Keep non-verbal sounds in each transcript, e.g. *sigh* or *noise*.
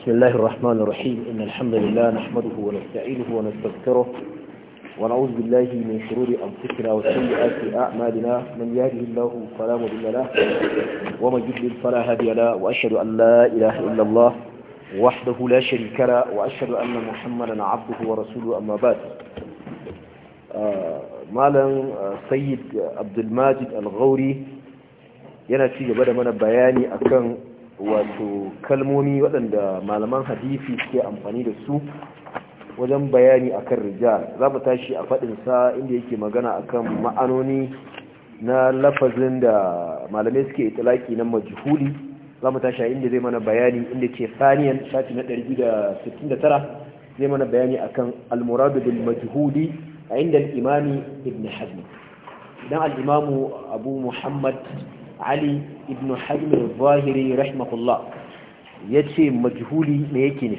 بسم الله الرحمن الرحيم إن الحمد لله نحمده ونستعينه ونستغفره ونعوذ بالله من شرور أنفسنا وسيئات أعمالنا من يهده الله فلا مضل له ومن يضلل فلا هادي له وأشهد أن لا إله إلا الله وحده لا شريك له وأشهد أن محمدا عبده ورسوله أما بعد مالا سيد عبد الماجد الغوري yana ci gaba da mana bayani akan wato kalmomi waɗanda malaman hadisi suke amfani da su wajen bayani akan rijal za mu tashi a faɗinsa inda yake magana akan ma'anoni na lafazin da malamai suke itilaki na majhuli za mu tashi a inda zai mana bayani inda ke faniyan sati na 269 zai mana bayani akan almuradu bil majhuli a inda imami ibn hazm dan al-imamu abu muhammad ali ibn hajjim zahiri rahimahullah ya ce majhuli me yake ne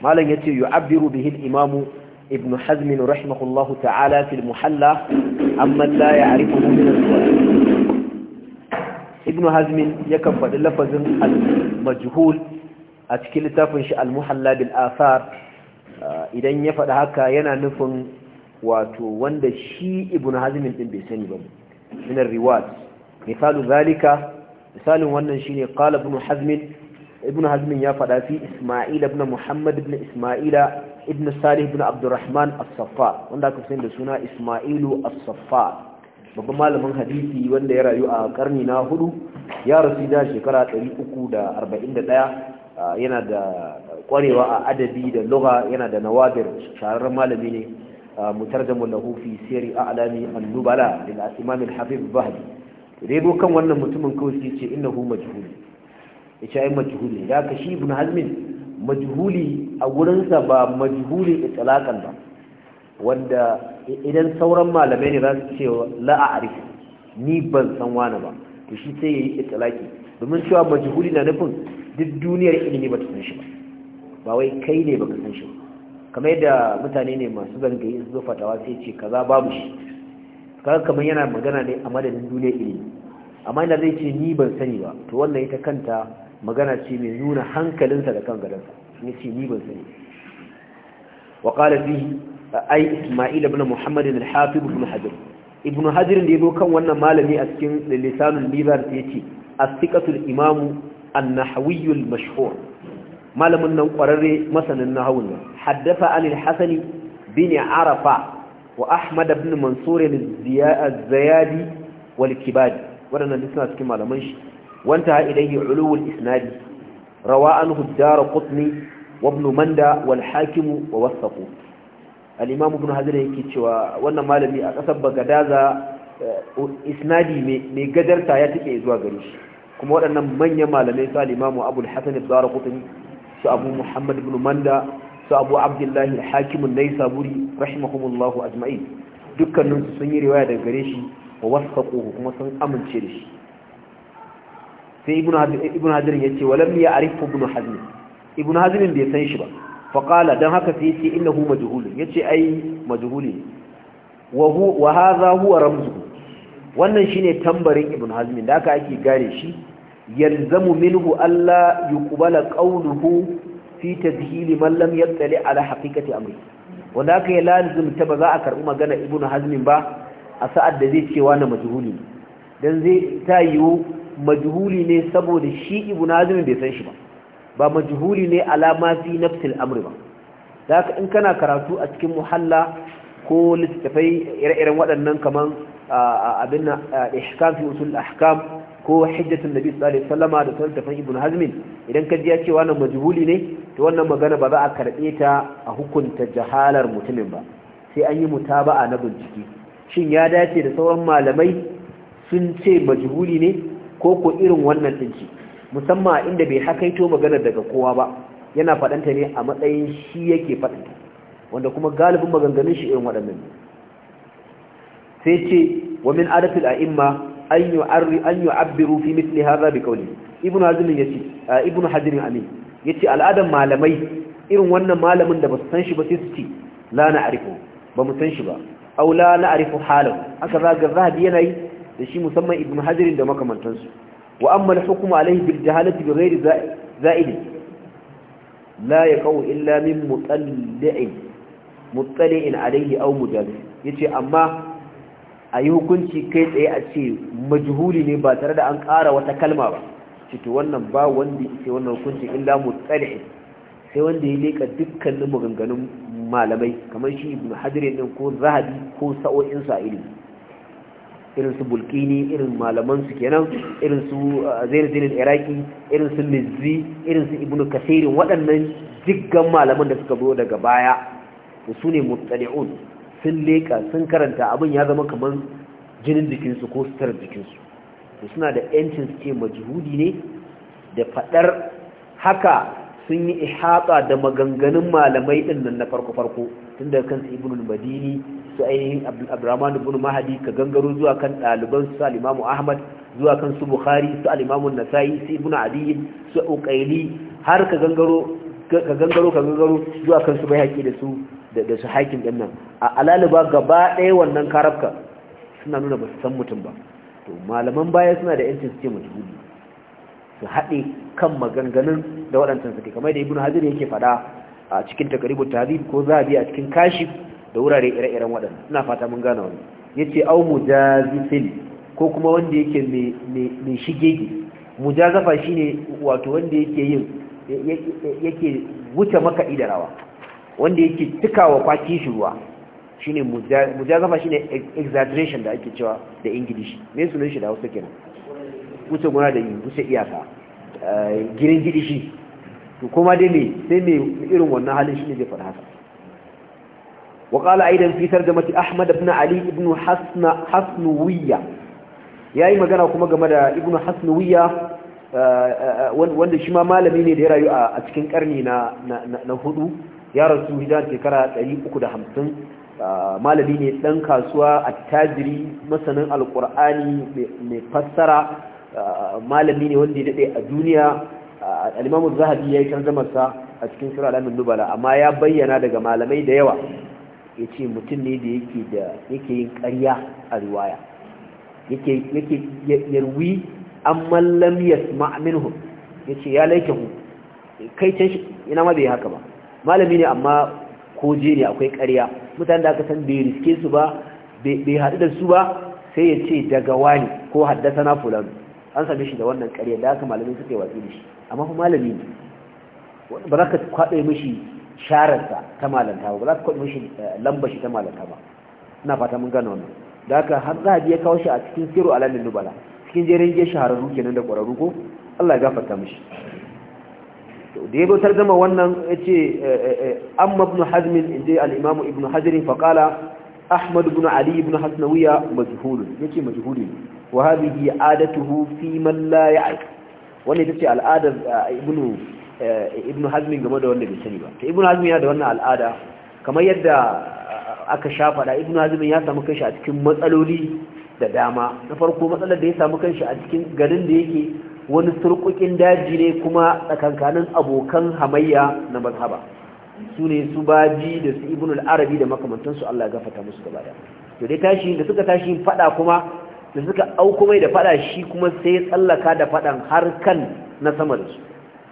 malam ya ce yi abiru bihin imamu ibn hajjim rahimahullah ta'ala fil muhalla amma la ya arifa mummunan ibn hazmin ya kan faɗi lafazin al-majhul a cikin littafin shi al-muhalla bil asar idan ya faɗi haka yana nufin wato wanda shi ibn hazmin ɗin bai sani ba minar riwat misalu zalika misalin wannan shine qala ibn hazm ibn hazm ya fada fi isma'il ibn muhammad ibn isma'ila ibn salih ibn abdurrahman as-saffar wanda aka san da suna isma'ilu as-saffar babban malamin hadisi wanda ya rayu a karni na hudu ya rasu da shekara 341 yana da kwarewa a adabi da lugha yana da nawadir shahararren malami ne mutarjamu lahu fi sirri a'lami an-nubala lil imam al-habib bahri rego kan wannan mutumin kawai sai ce innahu majhul ya ce ai majhuli da ka shi ibn hazmin majhuli a wurinsa ba majhuli itlaqan ba wanda idan sauran malamai ne za su ce la a'rifu ni ban san wani ba to shi sai yayi itlaqi domin cewa majhuli na nufin duk duniyar ilimi ba ta san shi ba wai kai ne baka san shi kamar yadda mutane ne masu zangayi su zo fatawa sai ce kaza babu shi kaga kamar yana magana ne a madadin duniya ilimi amma inda zai ce ni ban sani ba to wannan ita kanta magana ce mai nuna hankalinsa da kan gadansa ne ce ni ban sani wa qala fihi ai isma'il ibn muhammad al-hafiz ibn hajar ibn hajar da yabo kan wannan malami a cikin lisanul mizan sai yace as-siqatul imam an-nahawi al-mashhur malamin nan kwararre masanin nahawun haddafa anil hasani bin arafa wa ahmad ibn mansur az-zayadi wal kibadi wadannan duk suna cikin malaman wanta ilayhi ulul isnadi rawa anhu ad-darqutni wa ibn manda wal hakim wa wasaqu al-imam ibn hazir yake cewa wannan malami a kasar bagadaza eh, isnadi mai gadarta ya take zuwa gare shi kuma waɗannan manyan malamai su al-imam abul su abu muhammad manda su abu abdullahi hakimun nai saburi rahimahumullahu ajma'i dukkanin su sun yi riwaya daga gare shi wa wasaqu kuma sun amince da shi sai Ibn hadir ya ce yace ya arifu ibnu hazm Ibn hazm bai san shi ba Faƙala dan haka sai yace innahu ya yace ai majhuli wa hu wa hadha huwa ramzuhu wannan shine tambarin Ibn hazm da aka ake gare shi yalzamu minhu alla yuqbala qawluhu fi tadhili man lam yattali ala haqiqati amri wanda kai lazim ta ba za a karɓi magana ibnu hazmin ba a sa'ad da zai cewa na majhuli dan zai ta yiwu majhuli ne saboda shi ibnu hazmin bai san shi ba ba majhuli ne alama fi nafsil amri ba da in kana karatu a cikin muhalla ko littafai ire-iren waɗannan kamar abin ihkam fi usul ahkam ko hijjatun nabi sallallahu alaihi wasallama da tafsirin ibn hazmin idan ka ji ya ce wannan majhuli ne to wannan magana ba za a karbe ta a hukunta jahalar mutumin ba sai an yi mutaba'a na bincike shin ya dace da sauran malamai sun ce majhuli ne ko ko irin wannan din ce musamman inda bai hakaito magana daga kowa ba yana faɗanta ne a matsayin shi yake faɗa. wanda kuma galibin maganganun shi irin waɗannan sai ce wa min adatul a'imma an yi an yu'abbiru fi mithli hadha bi qawli ibn hazm yace ah, ibn hajar amin ya ce, al'adan malamai irin wannan malamin da ba su san shi ba sai su ce la na na'rifu ba mu san shi ba aw la na'rifu halahu aka zaga zahabi yana yi da shi musamman ibn hajar da makamantansu wa amma al-hukm alayhi bil jahalati bi ghairi za'id la ya yaqau illa min mutalla'in muttali'in alayhi aw mujalis yace amma a yi hukunci kai tsaye a ce majhuli ne ba tare da an ƙara wata kalma ba cito wannan ba wanda ke wannan hukunci illa mu sai wanda ya leka dukkanin maganganun malamai kamar shi ibn Hadir din ko zahabi ko sa'o'in sa ilimi irin su bulkini irin malaman su kenan irin su uh, zainadin iraki irin su mizzi irin su Ibn kasirin waɗannan jiggan malaman da suka zo daga baya su ne mutsari'un sun leka sun karanta abin ya zama kamar jinin jikinsu ko sutar jikinsu su suna da yancin suke majihudi majhudi ne da faɗar haka sun yi ihata da maganganun malamai ɗin nan na farko-farko tun da kansu ibnul madini su ainihin abdurrahman ibn mahadi ka gangaro zuwa kan ɗaliban su alimamu ahmad zuwa kan su bukhari su alimamu nasa'i su ibn adiyin su ukaili har ka gangaro ka gangaro ka gangaro zuwa kan su bai haƙi da su da su haƙin ɗin nan a alaliba gaba ɗaya wannan karabka suna nuna ba su san mutum ba to malaman baya suna da yancin su ce majhuli su haɗe kan maganganun da waɗancan suke kamar da ibn hazir yake faɗa a cikin takaribu tarihi ko za a a cikin kashi da wurare ire-iren waɗanda suna fata mun gane wani ya ce au mujazisil ko kuma wanda yake mai shigege mujazafa shine wato wanda yake yin yake wuce maka idarawa wanda yake tukawa kwaki shi ruwa shine shi shine exaggeration da ake cewa da ingilishi me sunan shi da Hausa kenan wuce gona da wuce iyaka eh, girin gidishi to kuma dai me sai me irin wannan halin shi ne zai faɗa haka Waƙala aidan fitar da ترجمه ahmad بن Ali ibn hasnuwiya Ya yi magana kuma game da ibnu hasnuwiya wanda shi ma malami ne da ya rayu a cikin karni na hudu ya rasu hijiran shekara 350 malami ne dan kasuwa attajiri masanin alkur'ani mai fassara malami ne wanda ya dade a duniya alimamu zahadi zahabi ya yi masa a cikin shirar alamin nubala amma ya bayyana daga malamai da yawa ya ce mutum ne da yake yin ƙarya a riwaya yake yarwi amma lam yasma minhum yace ya mu kai can ina ma bai haka ba malami ne amma koje ne akwai ƙarya mutane da aka san bai riske su ba bai haɗu da su ba sai ya ce daga wani ko haddasa na fulani an same shi da wannan ƙarya da aka malamai suka yi watsi da shi amma kuma malami ne ba za ka kwaɗe mishi shararsa ta malanta ba ba za ka kwaɗe mishi eh, lamba shi ta malanta ba ina fata mun gane wannan da aka har za a biya kawo shi a cikin siru alamin nubala cikin jerin ya shahararru kenan da ƙwararru ko Allah ya gafarta mishi da ya bautar zama wannan ya ce eh, eh, eh, amma ibn hazmin inda al'imamu ibn hajjirin faƙala ahmad ibn ali ibn hasnawiya majhulun ya ce majhulun wa hadhihi adatuhu fi man la ya'rif wannan ita ce al'ada ibn ibn hazmin game da wanda bai sani ba to ibn hazmin ya da wannan al'ada kamar yadda aka sha faɗa ibn hazmin ya samu kashi a cikin matsaloli da dama na farko matsalar da ya samu kanshi a cikin garin da yake wani surkukin daji ne kuma tsakankanin abokan hamayya na mazhaba su ne su baji da su ibn al'arabi da makamantansu Allah gafata musu gaba da to dai tashi da suka tashi fada kuma da suka auko mai da fada shi kuma sai tsallaka da fadan har kan na sama da su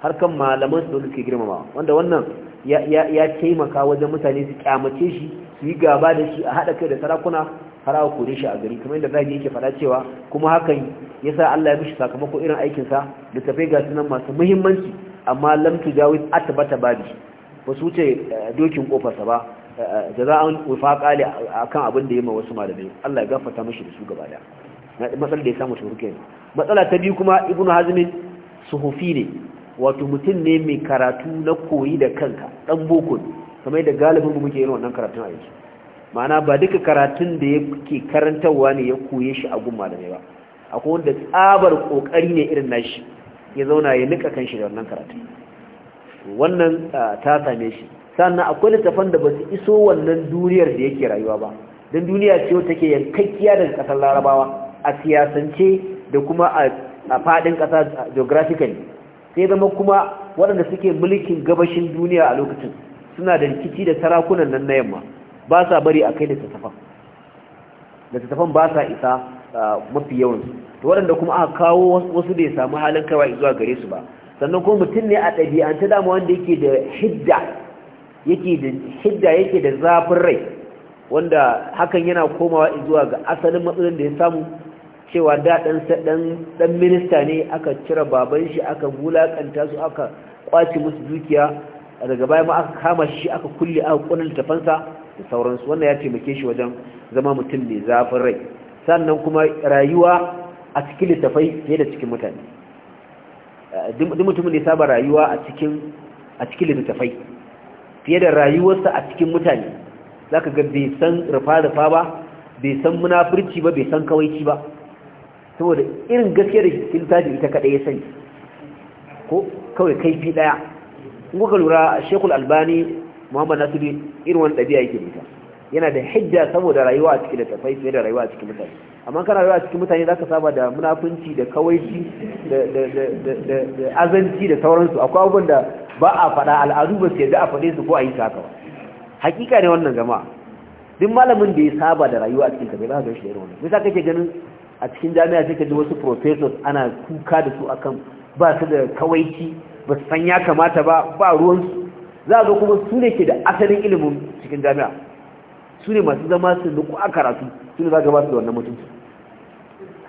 har kan malaman su da suke girmamawa wanda wannan ya taimaka wajen mutane su kyamace shi su yi gaba da shi a haɗa kai da sarakuna har aka kore shi a gari kamar yadda zabi yake faɗa cewa kuma hakan yasa Allah ya bishi sakamako irin aikin sa da tafai ga sunan masu muhimmanci amma lam tujawiz atbata babi ba su ce eh, dokin kofarsa ba eh, eh, jaza'an wifaqa li akan abin da yayi ma wasu malamai Allah ya gafarta mishi da su gaba da matsalar da ya samu turke matsala ta biyu kuma ibnu hazmin suhufi ne wato mutum ne mai karatu na koyi da kanka dan boko kamar da galibin mu muke yin wannan karatun a yanzu ma'ana ba duka karatun da ya ke karantarwa ne ya koye shi a gun malamai ba akwai wanda tsabar kokari ne irin nashi ya zauna ya nika shi da wannan karatun, wannan ta same shi sannan akwai littafan da ba su iso wannan duniyar da yake rayuwa ba don duniya ce take yankakkiya daga kasar larabawa a siyasance da kuma a fadin kasa geographically sai zama kuma waɗanda suke mulkin gabashin duniya a lokacin suna da rikici da sarakunan nan na yamma ba sa bari a kai littattafan littattafan ba sa isa mafi yawan. to waɗanda kuma aka kawo wasu da ya samu halin kaiwa zuwa gare su ba sannan kuma mutum ne a ta dama wanda yake da hidda yake da hidda yake da zafin rai wanda hakan yana komawa zuwa ga asalin matsalin da ya samu cewa da ɗan minista ne aka cire baban shi aka wulaƙanta su aka kwace musu dukiya daga baya ma aka kama shi aka kulle aka kunan littafansa da sauransu wannan ya taimake shi wajen zama mutum mai zafin rai sannan kuma rayuwa a cikin littafai fiye da cikin mutane duk mutum ne saba rayuwa a cikin a cikin littafai fiye da rayuwarsa a cikin mutane Za ka ga bai san rufa-rufa ba bai san munafurci ba bai san kawaici ba saboda irin gaskiyar da ita kaɗai ya sani ko kawai kaifi ɗaya in kuka lura shekul albani muhammad nasiru irin wani ɗabi'a yake da yana da hijja saboda rayuwa a cikin tafai fiye da rayuwa a cikin mutane amma kana rayuwa a cikin mutane za ka saba da munafunci da kawaici da azanci da sauransu akwai abubuwan da ba a faɗa al'adu ba su yadda a faɗe su ko a yi saka ba hakika ne wannan jama'a duk malamin da ya saba da rayuwa a cikin tafai za ka gan shi irin wannan bisa kake ganin a cikin jami'a sai ka ji wasu professors ana kuka da su akan ba su da kawaici ba su san ya kamata ba ba ruwansu za a zo kuma su ne ke da asalin ilimin cikin jami'a su ne masu zama su nuku a karatu su ne za ka ba su da wannan mutum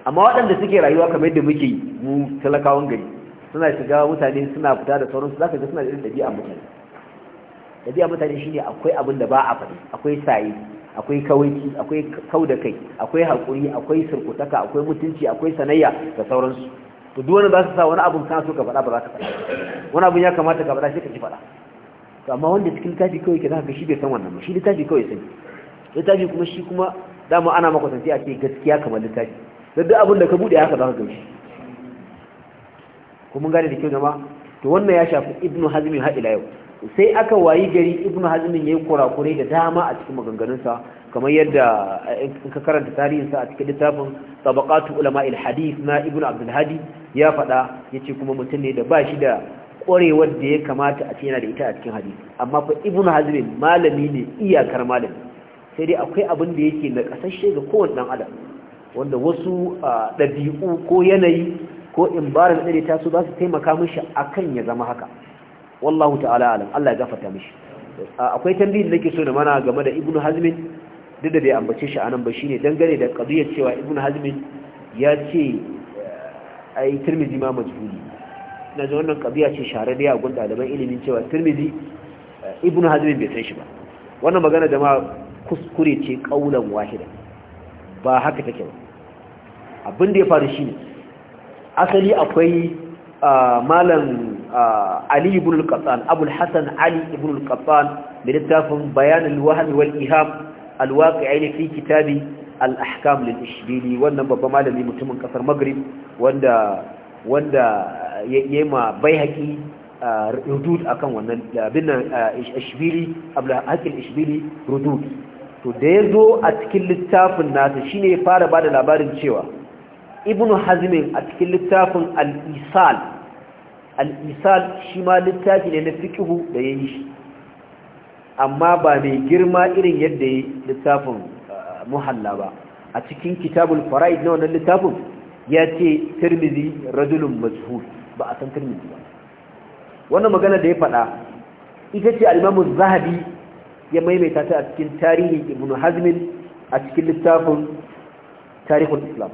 amma waɗanda suke rayuwa kamar yadda muke mu talakawan gari suna shiga mutane suna fita da sauransu za ka ga suna da irin ɗabi'a mutane ɗabi'a mutane shine akwai abin da ba a faɗi akwai saye akwai kawaici akwai kau da kai akwai haƙuri akwai surkutaka akwai mutunci akwai sanayya da sauransu to duk wani za su sa wani abun kana so ka faɗa ba za ka faɗa wani abun ya kamata ka faɗa shi ka ji faɗa to amma wanda cikin littafi kawai ke zaka shi bai san wannan ba shi littafi kawai sani littafi kuma shi kuma dama ana makwatanci a ce gaskiya kamar littafi da duk abin da ka buɗe haka za ka gamshi kuma gane da kyau jama to wannan ya shafi ibnu hazmin har ila yau sai aka wayi gari ibnu hazmin yi kurakurai da dama a cikin maganganunsa kamar yadda eh, in ka karanta tarihinsa a cikin littafin tabaqatu ulama al-hadith na ibnu abdul hadi ya faɗa yace kuma mutum ne da bashi da ƙwarewar da ya kamata a ce yana da ita a cikin hadisi amma fa ibnu hazm malami ne iyakar malami sai dai akwai abin da yake na kasashe ga kowanne dan adam wanda wasu ɗabi'u ko yanayi ko imbarar da ta su za su taimaka mishi akan ya zama haka wallahu ta'ala alam Allah ya gafarta mishi akwai tambayi da nake so na mana game da ibnu hazmin duk da bai ambace shi nan ba ne dangane da qadiyar cewa Ibn Hazmin ya ce eh, ai tirmidhi ma majhuli na ji wannan qadiya ce shahararriya a gun ɗaliban ilimin cewa tirmidhi eh, ibnu bai san shi ba wannan magana da ma kuskure ce kaulan wahida ba haka take ba abin da ya faru shi ne asali akwai eh, malam ali ibn al-qattan abul hasan ali ibn al-qattan da littafin bayan al-wahm wal iham alwaqi'aini fi kitabi al-ahkam lil-ishbili wannan babban malami mutumin kasar maghrib wanda wanda yayi ma baihaqi rudud akan wannan abin nan ishbili abla hakil ishbili rudud to da yazo a cikin littafin nasa shine ya fara bada labarin cewa ibnu hazm a cikin littafin al-isal al-isal shi ma littafi ne na fiqhu da yayi amma ba mai girma irin yadda yi littafin uh, muhalla ba a cikin kitabul fara'id na wannan littafin ya ce turmizi rajulun majhul ba a san turmizi ba wannan magana da ya faɗa ita ce al zahabi ya maimaita ta a cikin tarihin ibn hazmin a cikin littafin tarihun islam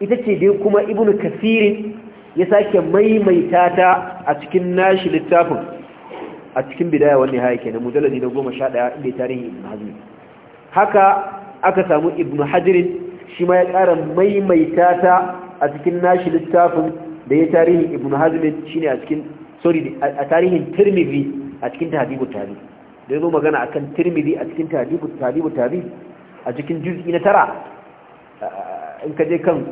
ita ce dai kuma ibn kasirin ya sake maimaita ta a cikin nashi littafin a cikin bidaya wani haya ke na mujalladi na goma sha ɗaya inda ya tarihin ibn hazmi haka aka samu ibn hajirin shi ma ya ƙara maimaita ta a cikin nashi littafin da ya tarihin ibn hazmin shi ne a cikin sorry a tarihin tirmidhi a cikin tahdibu tabi da ya zo magana a kan tirmidhi a cikin tahdibu tabi a cikin juz'i na tara in ka je kan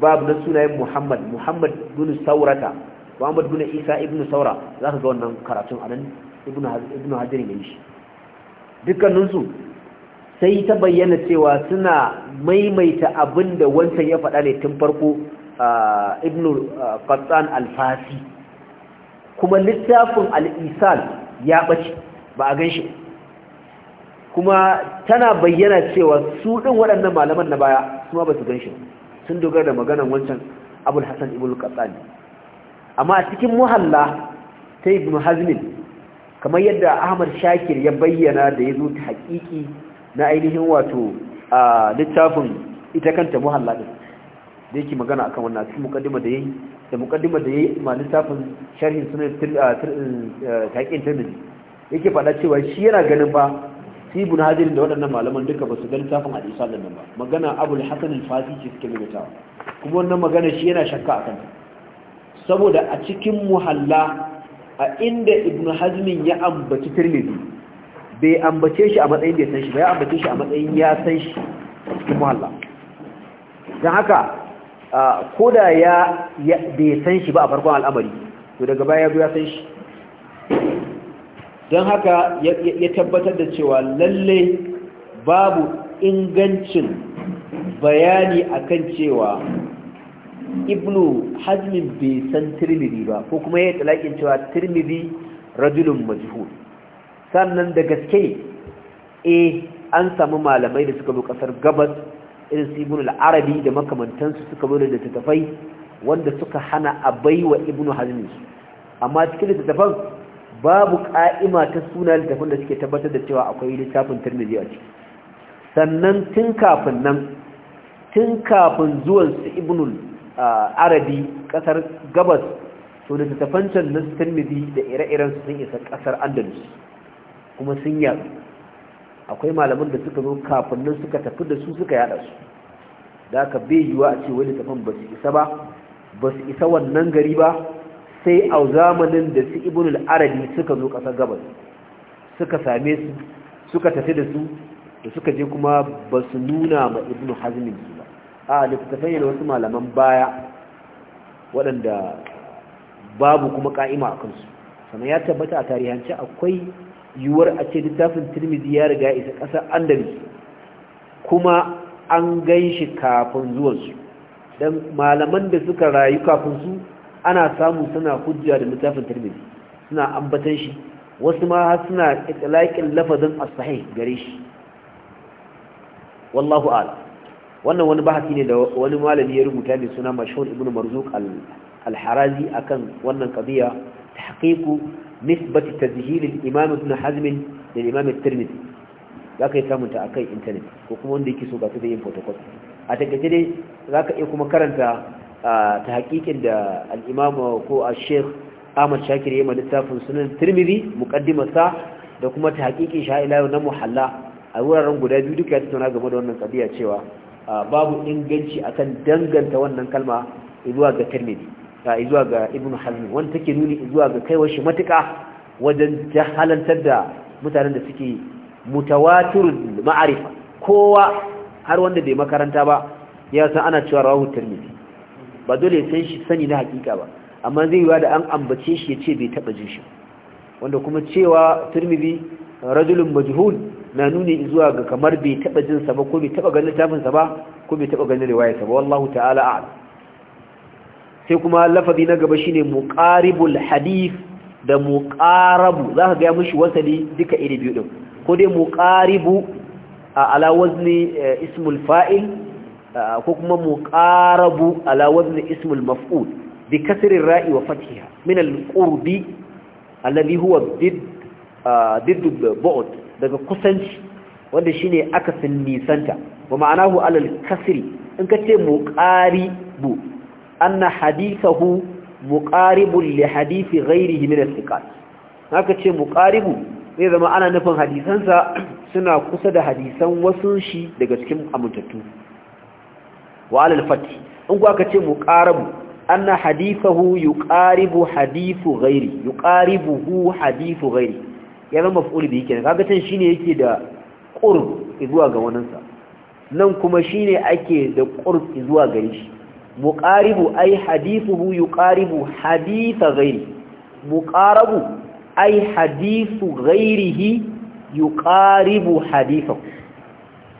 babu na sunayen muhammad muhammad bin saurata Muhammad ibn Isa ibn Saura za ka ga wannan karatun anan ibn ibn Hajar ne shi dukkanin su sai ta bayyana cewa suna maimaita abinda wancan ya faɗa ne tun farko ibn Qattan al-Fasi kuma littafin al-Isal ya bace ba a ganshi kuma tana bayyana cewa su din waɗannan malaman na baya su ba su ganshi sun dogara da maganar wancan Abul Hassan ibn al-Qattan amma a cikin muhalla ta ibn hazmin kamar yadda ahmad shakir ya bayyana da ya zo ta haƙiƙi na ainihin wato a littafin ita kanta muhalla ɗin da yake magana akan wannan cikin mukaddima da yayi da mukaddima da yayi ma littafin sharhin sunan taqiyin tirmidhi yake faɗa cewa shi yana ganin ba sai ibn hadirin da waɗannan malaman duka ba su ga littafin hadisa da nan ba magana abul hasan al-fasi ce suke rubuta kuma wannan magana shi yana shakka akan saboda a cikin muhalla a inda ibn hazmin ya ambaci tirmidhi bai ambace shi a matsayin da ya san shi ba ya ambace shi a matsayin ya san shi a cikin muhalla don haka ko da ya bai san shi ba a farkon al'amari to daga baya ya san shi don haka ya tabbatar da cewa lalle babu ingancin bayani akan cewa ibnu hajmin bai san tirmidhi ba ko kuma ya talakin cewa tirmidhi rajulun majhul sannan da gaske eh an samu malamai da suka zo kasar gabas irin su ibnu al-arabi da makamantansu suka zo da littattafai wanda suka hana a baiwa ibnu su. amma cikin littattafan babu ka'ima ta suna littattafan da suke tabbatar da cewa akwai littafin tirmidhi a ciki sannan tun kafin nan tun kafin zuwan su ibnu arabi kasar gabas to da tafancan na tirmidhi da ire-iren su sun isa kasar andalus kuma sun yaro akwai malaman da suka zo kafin nan suka tafi da su suka yada su da aka bai yiwa a ce wani tafan ba su isa ba ba su isa wannan gari ba sai a zamanin da su ibnul arabi suka zo kasar gabas suka same su suka tafi da su da suka je kuma ba su nuna ma ibnu hazmin su a littattafai da wasu malaman baya waɗanda babu kuma ka'ima a kansu sannan ya tabbata a tarihance akwai yiwuwar a ce littafin tirmidhi ya riga isa ƙasar andalus kuma an gan shi kafin zuwansu don malaman da suka rayu kafin su ana samu suna hujja da littafin tirmidhi suna ambatan shi wasu ma har suna itlaƙin lafazin asahi sahih gare shi wallahu a'lam wannan wani bahasi ne da wani malami ya rubuta mai suna mashhur ibn marzuk al-harazi akan wannan qadiya tahqiqu nisbati tazhil al-imam ibn hazm lil imam at-tirmidhi zaka yi samunta ta akan internet ko kuma wanda yake so ba da yin photocopy a takaice dai zaka iya kuma karanta tahqiqin da al-imam ko al-sheikh Ahmad Shakir yayin littafin sunan Tirmidhi muqaddimata da kuma tahqiqin sha'ila na muhalla a wuraren guda biyu duka ya tattauna game da wannan qadiya cewa babu inganci akan danganta wannan kalma zuwa ga Tirmidhi zuwa ga Ibn Hazm wanda take nuni zuwa ga kaiwar shi matuƙa wajen jahalantar da mutanen da suke mutawatir ma'arifa kowa har wanda bai makaranta ba ya san ana cewa rawu Tirmidhi ba dole ya san shi sani na hakika ba amma zai yiwa da an ambace shi ya ce bai taba jin shi wanda kuma cewa Tirmidhi rajulun majhul na nuni zuwa ga kamar bai taba jin sa ba ko bai taba ganin littafin sa ba ko bai taba ganin riwayar sa ba wallahu ta'ala a'lam sai kuma lafazi na gaba shine muqaribul hadith da muqarabu zaka ga mishi wasali duka iri biyu din ko dai muqaribu ala wazni e, ismul fa'il ko kuma muqarabu ala wazni ismul maf'ul bi kasri ra'i wa fathiha min al-qurbi alladhi huwa bid bid daga kusanci wanda shine akasin nisanta ma'ana hu alal kasri in ka ce muqaribu anna hadithahu muqaribun li hadithi ghairihi min al-thiqat haka ce muqaribu zai zama ana nufin hadisansa suna kusa da hadisan wasu shi daga cikin amintattu wa alal fati in ku aka ce muqaribu anna hadithahu yuqaribu hadithu ghairi hu hadithu gairi. ya zama maf'ul bihi kenan kaga shine yake da ƙurb zuwa ga wannan nan kuma shine ake da qurb zuwa gare shi muqaribu ay hadithuhu yuqaribu haditha ghairi muqarabu ay hadithu ghairihi yuqaribu hadithahu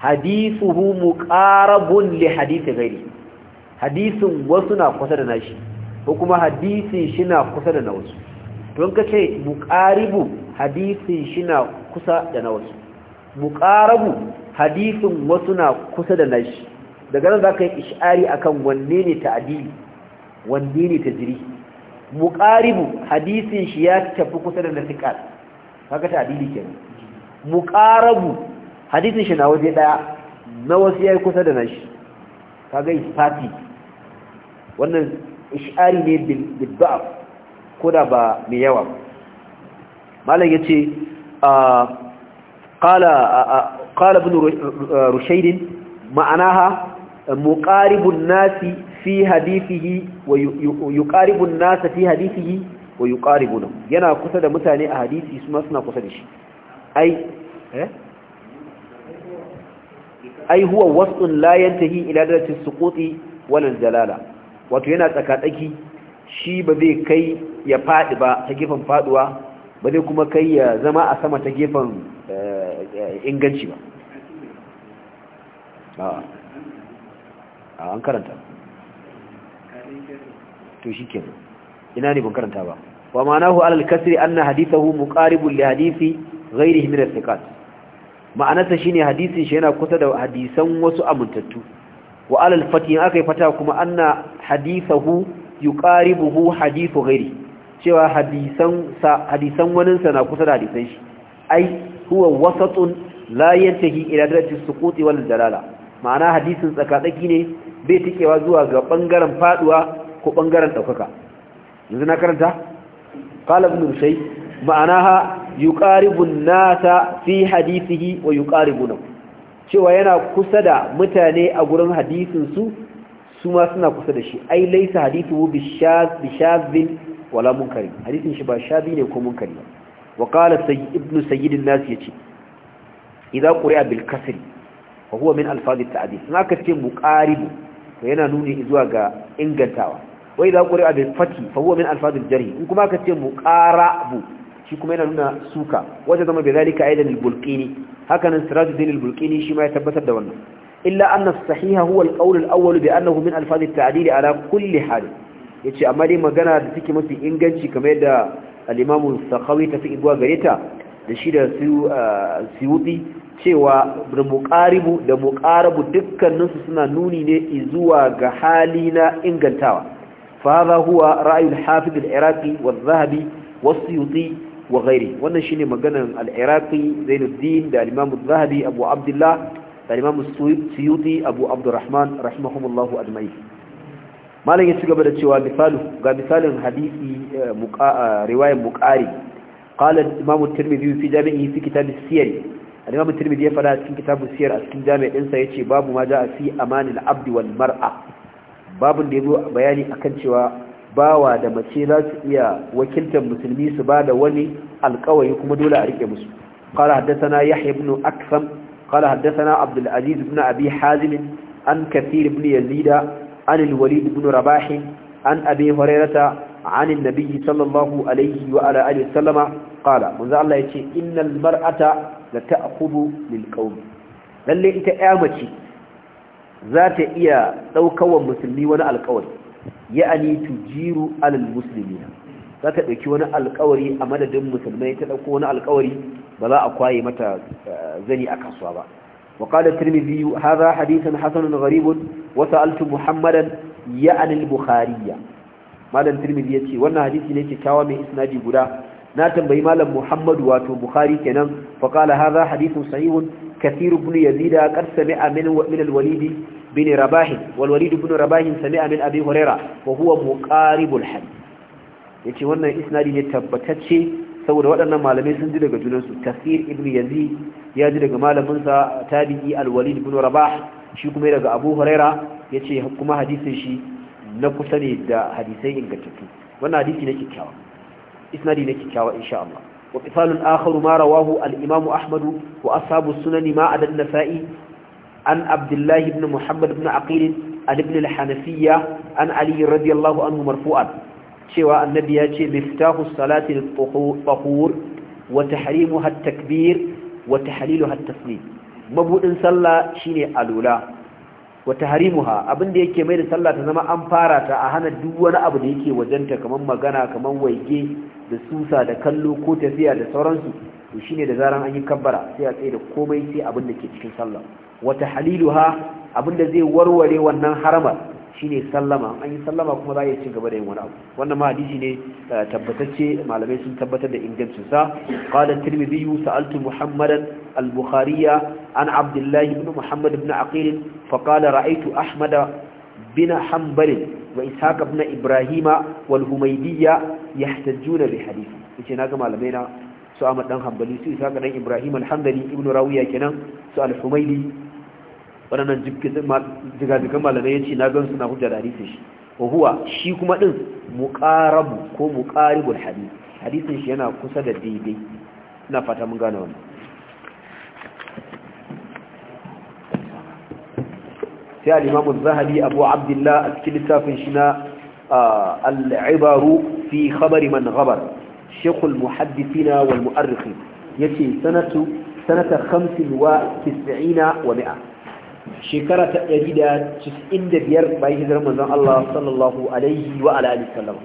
hadithuhu muƙarabun li hadisa gairi hadisin wasu na kusa da nashi ko kuma hadisin shi na kusa da na wasu don kace muƙaribu hadisin shi na kusa da na wasu muqarabu hadisin wasu na kusa da nashi daga nan ka yi ishari kan wanne ne adili wanne ne ta tajri muqaribu hadisin shi ya tafi kusa da nasiqat kaga ta'dili kenan muqarabu hadisin shi na waje ɗaya, na wasu ya yi kusa da nashi kaga isfati wannan ishari ne bil ko da ba mai yawa ba malam ya ce قال ابن رشيد معناها مقارب الناس في حديثه ويقارب الناس في حديثه ويقاربونه yana kusa da mutane a hadisi su suna kusa da shi ai eh? ai huwa wasdun la yantahi ila darajati suquti wala jalala wato yana tsakatsaki shi ba zai kai ya fadi ba ta gifin faduwa ba dai kuma kai ya zama a sama ta gefen eh, inganci ba a an karanta to shi kenan ina ne ban karanta ba wa ma'anahu alal kasri anna hadithahu muqaribun li hadithi ghairihi min as-siqat ma'anarsa shine hadisin shi yana kusa da hadisan wasu amintattu wa alal fatih akai fata kuma anna hadithahu yuqaribuhu hadithu ghairihi cewa hadisan sa waninsa na kusa da hadisan shi ai huwa wasatun la yantahi ila darajati suquti wal dalala ma'ana hadisin tsakatsaki ne bai tikewa zuwa ga bangaren faduwa ko bangaren daukaka yanzu na karanta qala ibn rushay ha yuqaribu an-nasa fi hadithihi wa yuqaribuna cewa yana kusa da mutane a gurin hadisinsu su su ma suna kusa da shi ai laysa hadithu bi bishazin wala munkari hadisin shi ba shabi ne ko munkari ba wa qala ibn sayyid an-nas yace idza quri'a bil kasr wa huwa min alfaz at-ta'dil in aka ce muqaribu to yana nuni zuwa ga ingantawa wa idza quri'a bil fathi fa huwa min alfaz al-jarh in kuma aka ce muqarabu shi kuma yana nuna suka wanda zama bi zalika aidan al-bulqini haka nan sirajuddin al-bulqini shi ma ya tabbatar da wannan illa anna as-sahiha huwa al-qawl al-awwal bi annahu min alfaz at-ta'dil ala kulli hal ya ce amma dai magana da take mafi inganci kamar da alimamun sakawi ta fi iguwa gare ta da shi da siyuɗi uh, cewa da muƙaribu da muƙarabu dukkaninsu suna nuni ne zuwa ga hali na ingantawa fahaza huwa ra'ayul hafiz al-iraqi wa zahabi wa siyuti wa gairi wannan shine maganan al-iraqi zainuddin da alimamu zahabi abu abdullah da alimamu siyuɗi abu abdurrahman rahimahumullahu ajma'in malam ya ci gaba da cewa ga misalin hadisi eh, eh, riwayar bukari qala imam at-tirmidhi fi jami'i fi kitab as-siyar imam at-tirmidhi ya fada cikin kitab as-siyar a cikin jami'in din sa yace babu ma ja'a fi amanil abdi wal mar'a babun da yazo bayani akan cewa bawa da mace za su iya wakiltar musulmi su ba da wani alkawari kuma dole a rike musu qala haddathana yahya ibn aktham qala haddathana abdul aziz ibn abi hazim an kathir ibn yazida عن الوليد بن رباح عن أبي هريرة عن النبي صلى الله عليه وعلى آله وسلم قال منذ الله يتي إن المرأة لتأخذ للقوم للي إتآمتي ذات إيا توقوى مسلمي وانا القول يعني تجير على المسلمين za ta ɗauki wani alkawari a madadin musulmai ta ɗauko wani alkawari ba za a kwaye mata zani a kasuwa ba وقال الترمذي هذا حديث حسن غريب وسألت محمدا يعني البخاري مالا الترمذي يتي وانا حديث نيكي كاوامي إسناجي قدا ناتم بي مالا محمد واتو بخاري كنم فقال هذا حديث صحيح كثير بن يزيد قد سمع من, من الوليد بن رباح والوليد بن رباح سمع من أبي هريرة وهو مقارب الحديث يتي وانا إسناجي يتبتتشي saboda waɗannan malamai sun ji daga junansu kasir ibn yazid ya ji daga malaminsa tabi'i al-walid ibn rabah shi kuma daga abu huraira yace kuma hadisin shi na kusa ne da hadisai ingantattu wannan hadisi ne kikkiawa isnadi ne insha Allah wa qitalun akhar ma rawahu al-imam ahmad wa ashabu sunan ma adad nasai an abdullah ibn muhammad ibn aqil an ibn al-hanafiyya an ali radiyallahu anhu marfu'an cewa annabi ya ce miftahu salati al-tahur wa tahrimuha at-takbir wa tahliluha at-taslim mabudin sallah shine alula wa tahrimuha abinda yake mai da sallah ta zama an fara ta a hana duk wani abu da yake wajenta kaman magana kaman waige da susa da kallo ko tafiya da sauransu to shine da zaran an yi kabbara sai a tsaye da komai sai abinda ke cikin sallah wa tahliluha abinda zai warware wannan haramar shine sallama an yi sallama kuma za a yi ci gaba da yin wani abu wannan ma hadisi ne eh, tabbatacce malamai sun tabbatar da ingancin sa qala tirmidhi sa'altu muhammadan al-bukhariya an abdullah ibn muhammad ibn aqil fa qala ra'aytu ahmada bin hanbal wa ishaq ibn ibrahima wal humaydiyya yahtajjuna bi hadisi yace naga malamai na su Ahmad dan Hanbali su Ishaq dan Ibrahim al-Hanbali ibn Rawiya kenan su al-Humaydi waɗannan jigajigan malamai ya ce na gan suna hujja da shi wa huwa shi kuma ɗin muƙarabu ko muƙaribul hadis hadisin shi yana kusa da daidai ina fata mun gane wannan sai al-imamu zahabi abu abdullah a cikin littafin shi na al-ibaru fi khabari man ghabar shekul muhaddithina wal mu'arrikhin yace sanatu sanata 95 wa 100 shekara ta 195 bayan hijirar manzon Allah sallallahu alaihi wa ala alihi sallam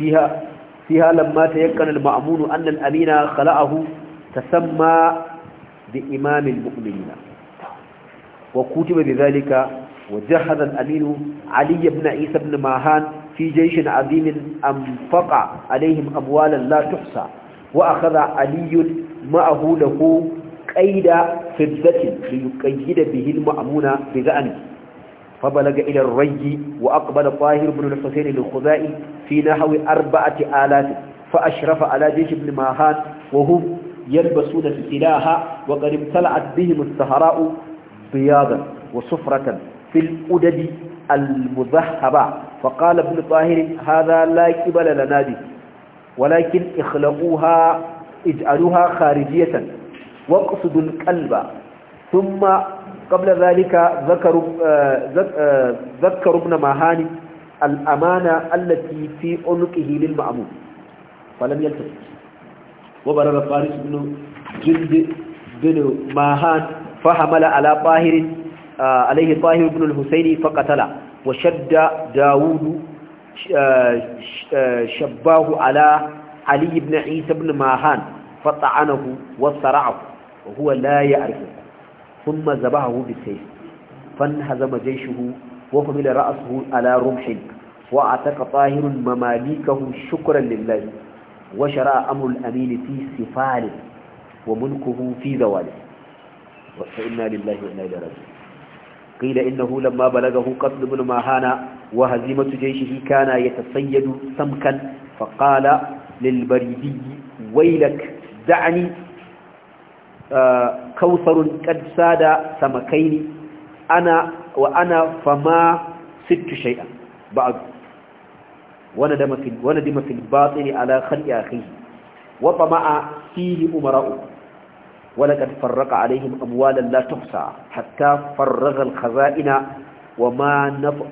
fiha fiha lamma ta yakkana al-ma'mun anna al-amina khala'ahu tasamma bi imam al-mu'minin wa kutiba bi dhalika wa jahada al-amin ali ibn isa ibn mahan fi jayshin azimin anfaqa alaihim abwalan la tuhsa wa akhadha ali ma'ahu lahu قيد fiddatin ليقيد به المأمون al فبلغ إلى الري وأقبل طاهر بن الحسين للخذائي في نحو أربعة آلاف فأشرف على جيش بن ماهان وهم يلبسون السلاح وقد امتلعت بهم السهراء بياضا وصفرة في الأدد المذهبة فقال ابن طاهر هذا لا قبل لنا به ولكن اخلقوها اجعلوها خارجية واقصد القلب ثم قبل ذلك ذكر آه، آه، ذكر ابن ماهاني الأمانة التي في عنقه للمأمون فلم يلتفت وبرر فارس بن جلد بن ماهان فحمل على طاهر آه، عليه طاهر بن الحسين فقتله وشد داود شباه على علي بن عيسى بن ماهان فطعنه وصرعه wa huwa la ya'rifu thumma zabahu bisayf fanhazama jayshuhu wa humila ra'suhu ala rumhin wa ataka tahirun mamalikahu shukran lillahi wa shara'a amrul amin fi sifal wa mulkuhu fi zawal wa inna lillahi قيل إنه لما بلغه قتل بن ماهانا وهزيمة جيشه كان يتصيد سمكا فقال للبريدي ويلك دعني kausarun kadsa da samakaini ana wa ana fama sittu shay'a ba'd wanda da mafi wanda da mafi batini ala khalqi akhihi wa tama'a fihi umara'u ولقد فرق عليهم أموالا لا تحصى حتى فرغ الخزائن وما نفع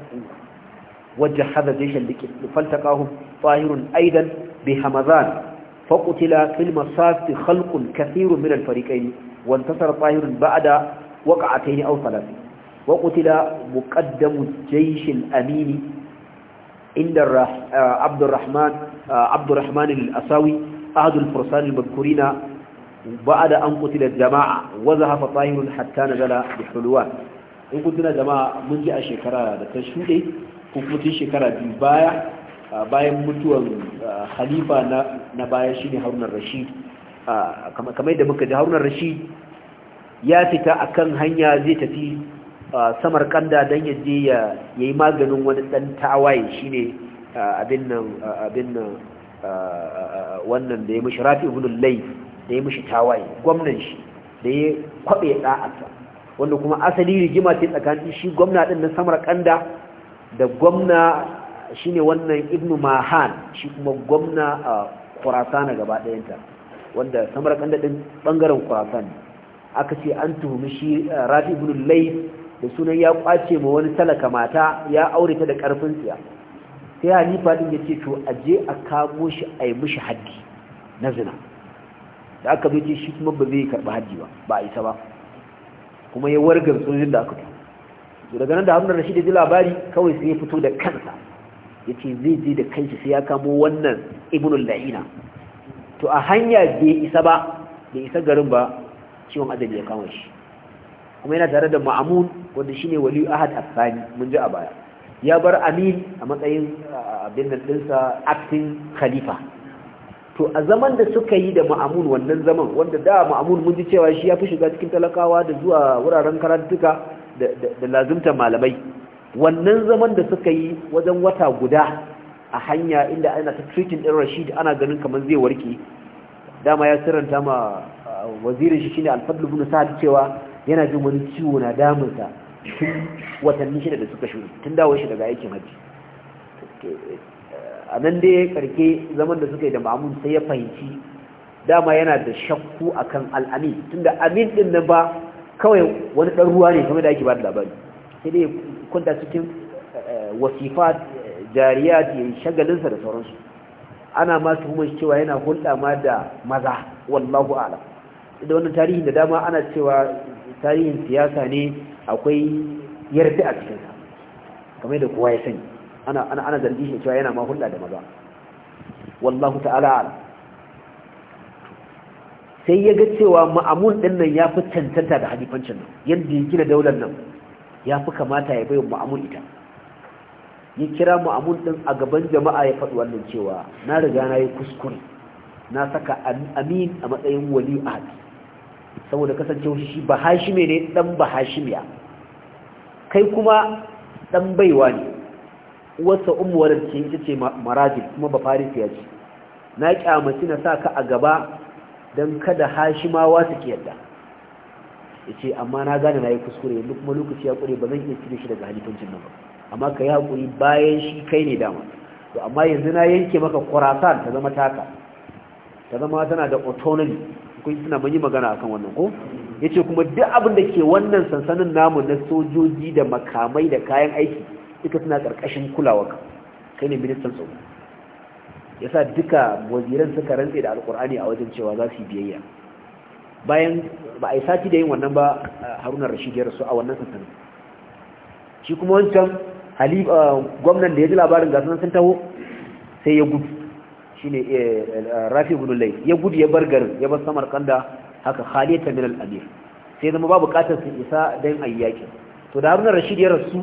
وجهز جيشا فالتقاهم Aidan أيضا Hamazan. فقتل في المصاف خلق كثير من الفريقين وانتصر طاهر بعد وقعتين أو ثلاث وقتل مقدم الجيش الأمين عند عبد الرحمن عبد الرحمن الأساوي أحد الفرسان المذكورين بعد أن قتل الجماعة وذهب طاهر حتى نزل بحلوان إن قتل جماعة من جاء شكرا لتشهده وقتل شكرا ببايع Ah, bayan mutuwan ah, khalifa na baya shi ne haunar rashid ah, kamar yadda muka ji haunar rashid ya fita akan hanya zai tafi samar kanda don ya je ya yi maganin wani dan tawaye shi ne abin nan wannan da ya mashi rafi wani lai da ya mashi tawaye gwamnan shi da ya kwabe ɗa'asa wanda kuma asali rigima ce tsakanin shi gwamna ɗin na samar kanda da gwamna Shi ne wannan ibnu mahan shi kuma gwamna a kurasana gaba ɗayanta wanda samarkan daɗin ɓangaren ne. aka ce an tuhumi shi eh, rafi ibn lai da sunan ya kwace ma wani talaka mata ya aure ta da ƙarfin siya sai halifa ɗin ya ce to a je a kamo shi a yi mishi haddi na zina da aka bai ce shi kuma ba zai karɓi haddi ba ba a isa ba kuma ya wargar sojin da aka to daga nan da hamdar rashid ji labari kawai sai ya fito da kansa yace zai je da kanshi sai ya kamo wannan ibnul la'ina to a hanya bai isa ba bai isa garin ba ciwon azumi ya kama shi kuma yana tare da ma'amun wanda shine wali ahad asani mun ji a baya ya bar amin a matsayin abin da dinsa khalifa to a zaman da suka yi da ma'amun wannan zaman wanda da ma'amun mun ji cewa shi ya fi shiga cikin talakawa da zuwa wuraren karantuka da lazumta malamai wannan zaman da suka yi wajen wata guda a hanya inda ana ta treating ɗin rashid ana ganin kamar zai warke dama ya siranta ma wazirin shi shine alfadlu bin sa'ad cewa yana jin wani ciwo na damunsa tun watanni shida da suka shuru tun dawo shi daga aikin haji a nan dai karke zaman da suka yi da mamun sai ya fahimci dama yana da shakku akan al'amin tunda amin din nan ba kawai wani ɗan ruwa ne kamar da ake ba da labari sai kunta cikin eh, wasifat eh, jariyat shagalin shagalinsa da sauransu ana ma kuma cewa yana hulɗa ma da maza wallahu a'lam da wannan tarihin da dama ana cewa tarihin siyasa ne akwai yarda a cikin sa, kamar da kowa ya sani ana ana ana zargi shi cewa yana ma hulɗa da maza wallahu ta'ala a'lam sai ya ga cewa ma'amun ɗin nan ya fi cancanta da hadifancin nan yadda ya gina daular nan ya fi kamata ya bai mu'amun ita ya kira mu'amun ɗin a gaban jama'a ya faɗi wannan cewa na riga na yi kuskure na saka amin a matsayin wali ahadi saboda kasance shi ba bahashime ne dan Hashimiya. kai kuma ɗan baiwa ne uwarsa ummu ce ita ce marajil kuma ba ya ce na kyamaci na sa ka a gaba don kada hashimawa su ke yadda yace amma na gane na yi kuskure yanzu kuma lokaci ya kure ba zan iya cire shi daga halifancin nan ba amma ka yi hakuri bayan shi kai ne dama to amma yanzu na yanke maka kurasan ta zama taka ta zama tana da autonomy kun suna mun yi magana akan wannan ko yace kuma duk abin da ke wannan sansanin namu na sojoji da makamai da kayan aiki duka suna karkashin kulawa ka kai ne ministan tsaro yasa duka waziran suka rantse da alkur'ani a wajen cewa za su yi biyayya bayan ba a yi sati da yin wannan ba haruna rashid ya rasu a wannan sansanin shi kuma wancan gwamnan da ya ji labarin gasar sun taho sai ya gudu shi ne eh, eh, rafi gudunlai ya gudu ya bar garin ya bar samar kanda haka khaliyar min al'amir sai zama ba bukatar su isa don a yi to da haruna rashid rasu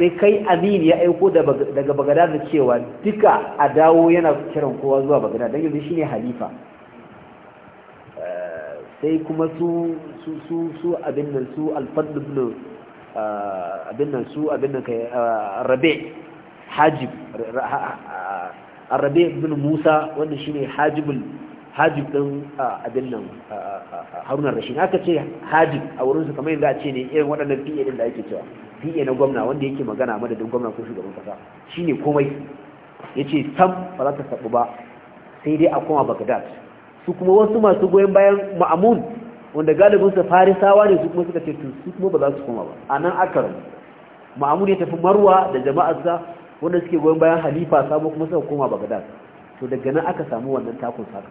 sai kai amin ya aiko daga bagada da cewa duka a dawo yana kiran kowa zuwa bagada don yanzu shi ne halifa sai kuma su su su su abin nan su alfadl ibn ah, abin nan su abin nan kai ah, rabi hajib ah, rabi ibn musa wanda shine hajibul hajib din abin nan harunan rashin aka ce hajib a wurin su kamar yadda a ce ne irin waɗannan fiye din da ake cewa fiye na gwamna wanda yake magana madadin gwamna ko shugaban kasa shine komai yace sam ba za ta sabu ba sai dai a koma bagdad su kuma wasu masu goyon bayan ma'amun wanda galibin su farisawa ne su kuma suka ce su kuma ba za su koma ba anan aka rabu ma'amun ya tafi marwa da jama'arsa wanda suke goyon bayan halifa samu kuma suka koma bagdad to daga nan aka samu wannan takun saka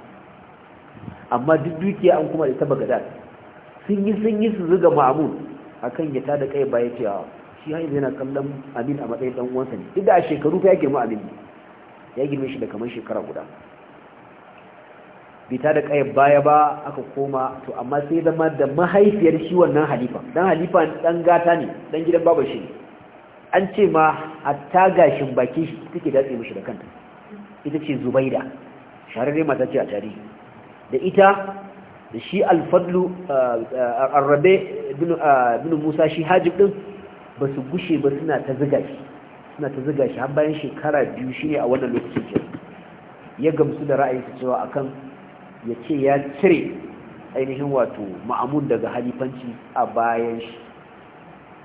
amma duk dukiya an kuma ita bagdad sun yi sun yi su zuga ma'amun akan ya tada kai baya cewa shi har yana kallon amin a matsayin dan uwansa ne duk da a shekaru ta ya girma amin ya girme shi da kamar shekara guda bita da kayan baya ba aka koma to amma sai zama da mahaifiyar shi wannan halifa dan halifa dan gata ne dan gidan babar shi an ce ma a ta gashin baki shi take datse mishi da kanta ita ce zubaida shahararre mata ce a tarihi da ita da shi alfadlu arrabe bin musa shi hajib din ba su gushe ba suna ta ziga shi suna ta ziga shi har bayan shekara biyu shine a wannan lokacin ya gamsu da ra'ayinsa cewa akan ya ce ya cire ainihin wato ma'amun daga halifanci a bayan shi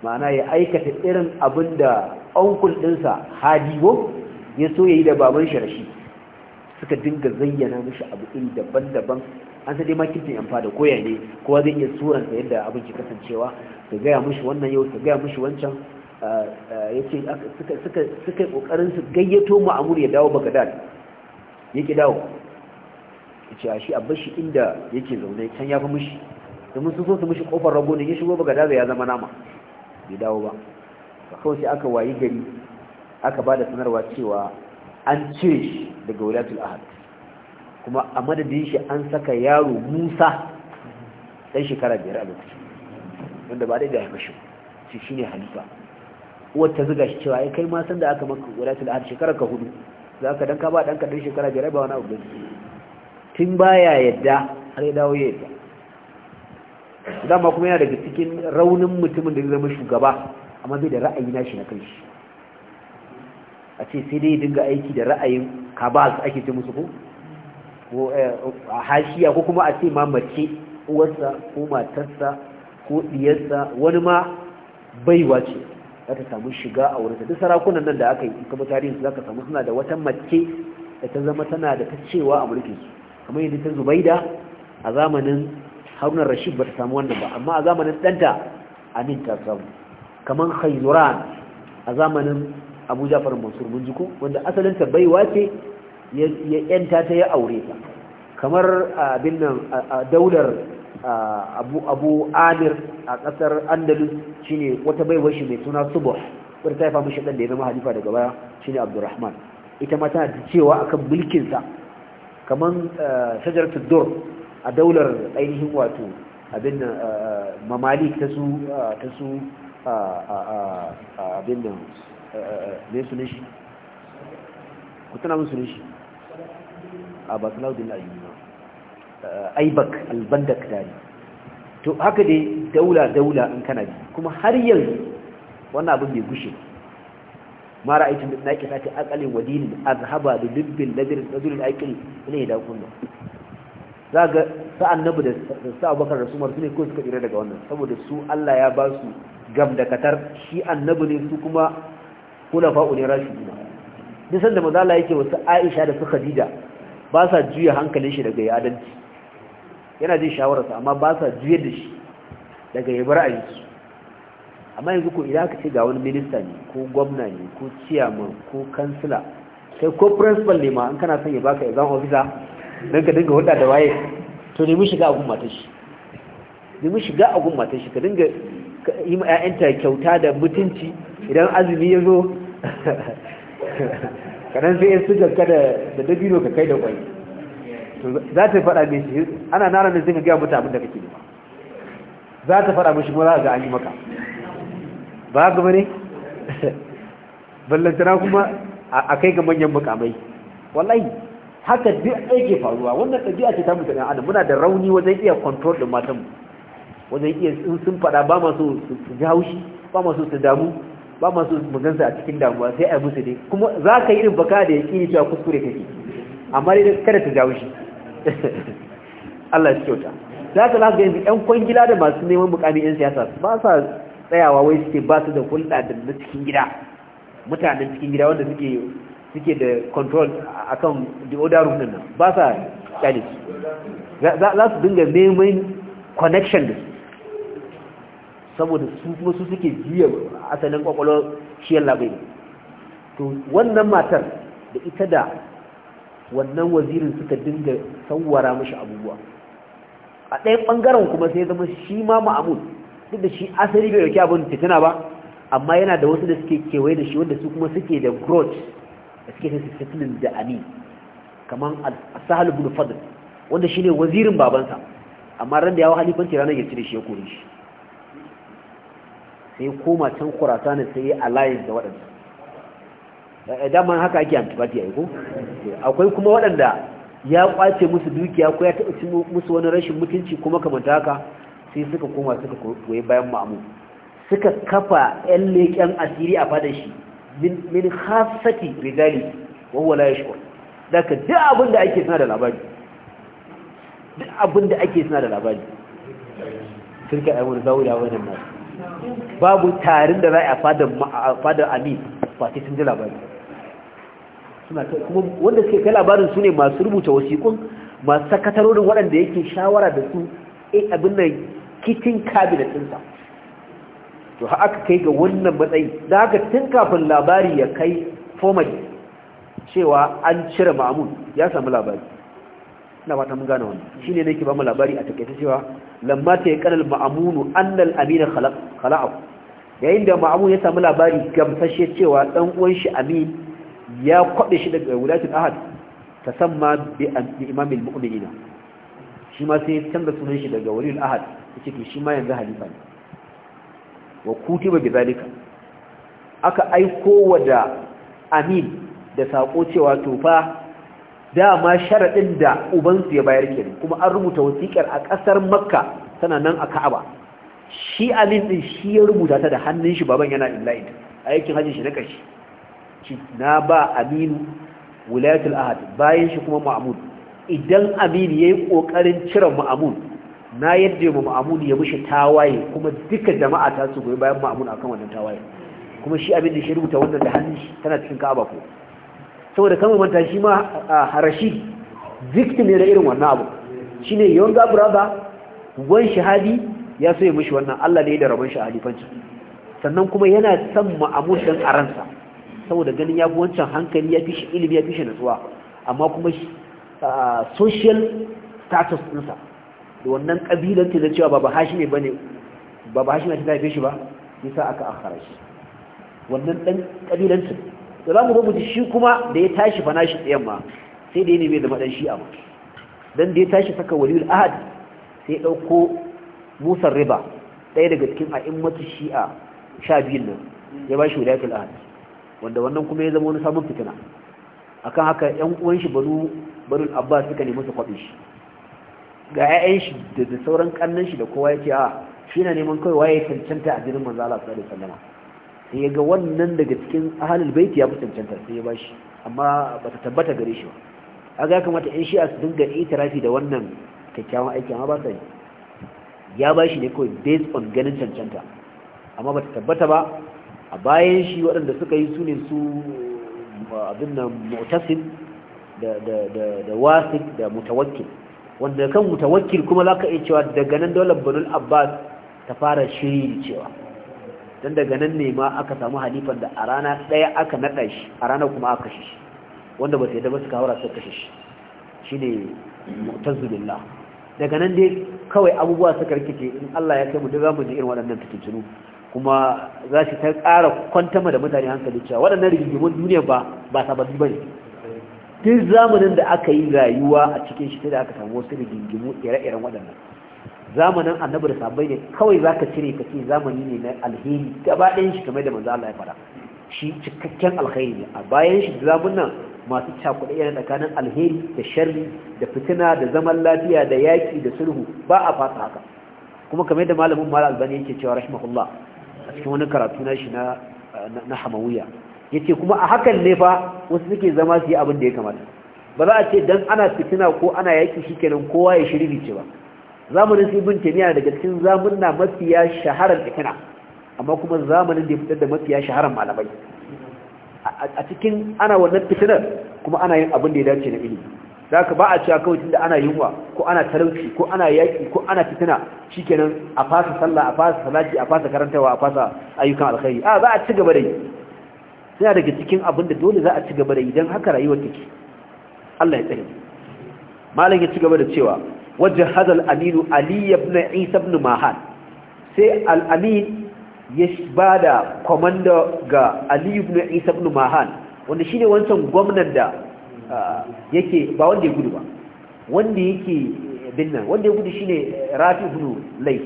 ma'ana ya aikata irin abin da onkul ɗinsa hadiwo ya so ya yi da baban shi rashi suka dinga zayyana mashi abu iri daban-daban an sa dai makintin yan fada koya ne kowa zai iya tsoronsa yadda abin ke kasancewa su gaya mashi wannan yau su gaya mashi wancan ya ce suka yi ƙoƙarin su gayyato ma'amur ya dawo bagadad ya dawo ce a shi a bashi inda yake zaune can ya fi mushi domin sun so su mushi kofar rago ne ya shigo ba daga ya zama nama bai dawo ba ba kawai sai aka wayi gari aka ba da sanarwa cewa an cire shi daga wulatul ahad kuma a madadin shi an saka yaro musa ɗan shekara biyar a lokacin wanda ba daidai ya shi shi shi ne halifa uwar ta zuga shi cewa ya kai ma san da aka maka wadatul ahad shekarar ka hudu za ka dan ka ba ɗanka ɗan shekara biyar ba wani abu tun baya yadda har ya dawo ya yadda dama kuma yana daga cikin raunin mutumin da zai zama shugaba amma bai da ra'ayi nashi na kanshi a ce sai dai dinga aiki da ra'ayin kabas ake ce musu ko eh, a hashiya ko kuma a ce ma mace uwarsa ko matarsa ko diyarsa wani ma baiwa ce za ta samu shiga a wurinsa duk sarakunan nan da aka yi kuma tarihinsu za ka samu suna da wata mace da ta zama tana da ta cewa a mulkinsu kamar yadda ta zubaida a zamanin Haruna rashid ba ta samu wannan ba amma a zamanin ɗanta amin ta samu kamar haizuran a zamanin abu jafar mansur ko wanda asalin ta baiwa ce ya yanta ta ya aure ta kamar abin nan a daular abu amir a ƙasar andalus shine wata baiwa shi mai suna subuh wadda ta haifa mashi ɗan da ya zama halifa daga baya shine abdurrahman ita ma tana cewa akan mulkinsa kaman eh, shajaratu dur a daular ainihin wato abin da eh, eh, mamalik ta su ta su abin da, ne su ne shi ku tana musu ne shi a ah, ba salaudin ayyuma aibak albandak dari to haka dai daula daula in kana bi kuma har yanzu wannan abin bai gushe ma ra'aytu min naqisati aqalin wa dinin azhaba bi dibbil ladri rajulul aqli ne da kunna zaga sa annabi da sa abubakar da sumar sune ko suka tsira daga wannan saboda su Allah ya ba su gam da katar shi annabi ne su kuma kulafa'u ne rashiduna duk sanda maza yake wasu Aisha da su Khadija ba sa juya hankalin shi daga yadanci yana jin shawararsa amma ba sa juyar da shi daga ya yabar ayyuka amma yanzu ku idan aka ce ga wani minista ne ko gwamna ne ko ciyaman ko kansila sai ko principal ne ma an kana son ya baka exam officer don ka dinga hudu da waye to nemi shiga a gummatar shi nemi shiga a gummatar shi ka dinga yi ma 'ya'yanta kyauta da mutunci idan azumi ya zo *laughs* kanan sai su jarka da dabino ka kai da kwai za ta faɗa mai shi ana nara ne zai ka gaya mutu abin da kake ba za ta faɗa mai shi za a ga an yi maka ba ga bane ballantana kuma a kai ga manyan mukamai wallahi haka duk aiki faruwa wannan ɗabi'a ce ta mutane adam muna da rauni wajen iya control din matan mu wajen iya sun fada ba ma so su ji haushi ba ma so su damu ba ma so mu a cikin damuwa sai a musu dai kuma za ka yi irin baka da yaƙini cewa kuskure kake amma dai kada ta ji haushi *laughs* Allah ya kyauta za ka za ka yanzu 'yan kwangila da masu neman mukami 'yan siyasa ba sa tsayawa wai suke ba su da hulɗa da na cikin gida mutanen cikin gida wanda suke suke da control akan the order room nan ba sa kyale za su dinga neman connection da su saboda su kuma su suke jiya asalin kwakwalwar shiyar labai to wannan matar da ita da wannan wazirin suka dinga sauwara mashi abubuwa a ɗayan ɓangaren kuma sai zama shi ma ma'amud duk da shi asali bai dauki abin fitina ba amma yana da wasu da suke kewaye da shi wanda su kuma suke da growth da suke sai fitilin da ami kaman sahal ibn fadl wanda shine wazirin babansa amma ran da yawo halifanci ranar ya cire shi ya kore shi sai koma can kurasana sai ya align da waɗanda eh, daman haka ake antibati ai ko akwai kuma waɗanda ya kwace musu dukiya ko ya taɓa musu wani rashin mutunci kuma kamanta haka sai suka koma suka koyi bayan ma'amu suka kafa yan leƙen asiri a fadar shi min hasati rijali wahuwa la shi daga duk abin da ake suna da labari duk abin da ake suna da labari shirka zawo da wani nan babu tarin da za a fadar amin fati sun ji labari kuma wanda suke kai labarin su ne masu rubuta wasiƙun masu sakatarorin waɗanda yake shawara da su eh, abin nan kitin kabinet ɗinsa to ha aka kai ga wannan matsayi da haka tun kafin labari ya kai formally cewa an cire ma'amun ya samu labari na fata mun gane Shi ne nake ba mu labari a takaice cewa lamma ta kanal ma'amunu annal amina khalaq yayin da ma'amun ya samu labari gamsashe cewa dan uwan shi amin ya kwabe shi daga wulatul ahad tasamma bi imamil mu'minina shi ma sai canza sunan shi daga waliyul ahad yace to shi ma yanzu halifa ne wa kutiba bidalika aka aiko wa da amin da sako cewa to fa dama sharadin da ubansu ya bayar kenan kuma an rubuta wasikar a ƙasar makka tana nan a ka'aba shi amin din shi ya rubuta ta da hannun shi baban yana illahi aikin hajji shi na shi na ba aminu wilayatul ahad bayan shi kuma ma'amud idan aminu yayi kokarin cire ma'amud na yadda mu ma'amun ya mishi tawaye kuma duka jama'a ta su goyi bayan ma'amun akan wannan tawaye kuma shi abin da shi rubuta wannan da hannun shi tana cikin ka'aba ko saboda kamar manta shi ma harashi victim ne da irin wannan abu shi shine younger brother wan shahadi ya so ya mishi wannan Allah ne da rabon shahadi fanci sannan kuma yana son ma'amun dan aransa saboda ganin ya bi wancan hankali ya fi shi ilimi ya fi shi nutsuwa amma kuma social status ɗinsa da wannan ƙabilar ta cewa baba ne ba. baba na ta haife shi ba sa aka akhara shi wannan ƙabilar ta da za mu rubuta shi kuma da ya tashi fa shi tsayan ma sai da ne da zama shi a mutu don da ya tashi saka waliyul ahad sai ɗauko musar Riba ɗaya daga cikin shi shi'a sha biyun nan ya ba shi wilayatul ahad wanda wannan kuma ya zama wani samun fitina akan haka yan uwan shi banu banu abbas suka nemi su kwabe shi ga 'ya'yan shi da sauran kannan shi da kowa ah, ya ce a shi na neman kai waye cancanta a jirin manzo Allah sallallahu alaihi wasallam sai ya ga wannan daga cikin ahlul bait ya fi cancanta sai ya bashi amma bata tabbata gare shi ba aga kamata in shi a su dinga itirafi da wannan kyakkyawan aiki amma ba sai ya bashi ne kawai based on ganin cancanta amma bata tabbata ba a bayan shi waɗanda suka yi su su abin nan mu'tasim da da da da wasik da mutawakkil wanda kan mutawakkil kuma zaka iya cewa daga nan dole banul abbas ta fara shiri cewa dan daga nan ne ma aka samu halifan da a rana daya aka nada shi a rana kuma aka kashe shi wanda ba sai da ba suka haura suka kashe shi shine mu'tazibillah daga nan dai kawai abubuwa suka rikice in Allah ya kai mu da mu ji irin waɗannan fitintunu kuma za shi ta ƙara kwantama da mutane hankali cewa waɗannan rigimun duniya ba ba sababbi bane duk zamanin da aka yi rayuwa a cikin shi da aka samu wasu rigingimu ire-iren waɗannan zamanin annabi da sabai ne kawai za ka cire ka ce zamani ne na alheri gaba ɗayan shi kamar da manzo Allah ya fara shi cikakken alheri ne a bayan shi nan masu cakuɗe yana tsakanin alheri da sharri da fitina da zaman lafiya da yaƙi da sulhu ba a fasa haka kuma kamar da malamin mara albani yake cewa rahimahullah a cikin wani karatu na shi na hamawiya yake kuma a hakan ne fa wasu suke zama su yi abin da ya kamata ba za a ce dan ana fitina ko ana yaki shikenan kowa ya shiri ce ba zamanin su ibn taymiya daga cikin zamunna mafiya shaharar fitina amma kuma zamanin da ya fitar da mafiya shaharar malamai a cikin ana wannan fitinar kuma ana yin abin da ya dace na ilimi da ka ba a cewa kawai tunda ana yunwa ko ana talauci ko ana yaki ko ana fitina shikenan a fasa sallah a fasa salati a fasa karantawa a fasa ayyukan alkhairi a za a ci gaba da yi suna daga cikin abin da dole za a ci gaba da idan haka rayuwar take Allah ya tsare malam ya ci gaba da cewa wajen hadal aminu ali ibn isa ibn mahan sai al amin ya bada komanda ga ali ibn isa ibn mahan wanda shine wancan gwamnan da yake ba wanda ya gudu ba wanda yake binnan wanda ya gudu shine rafi ibn lay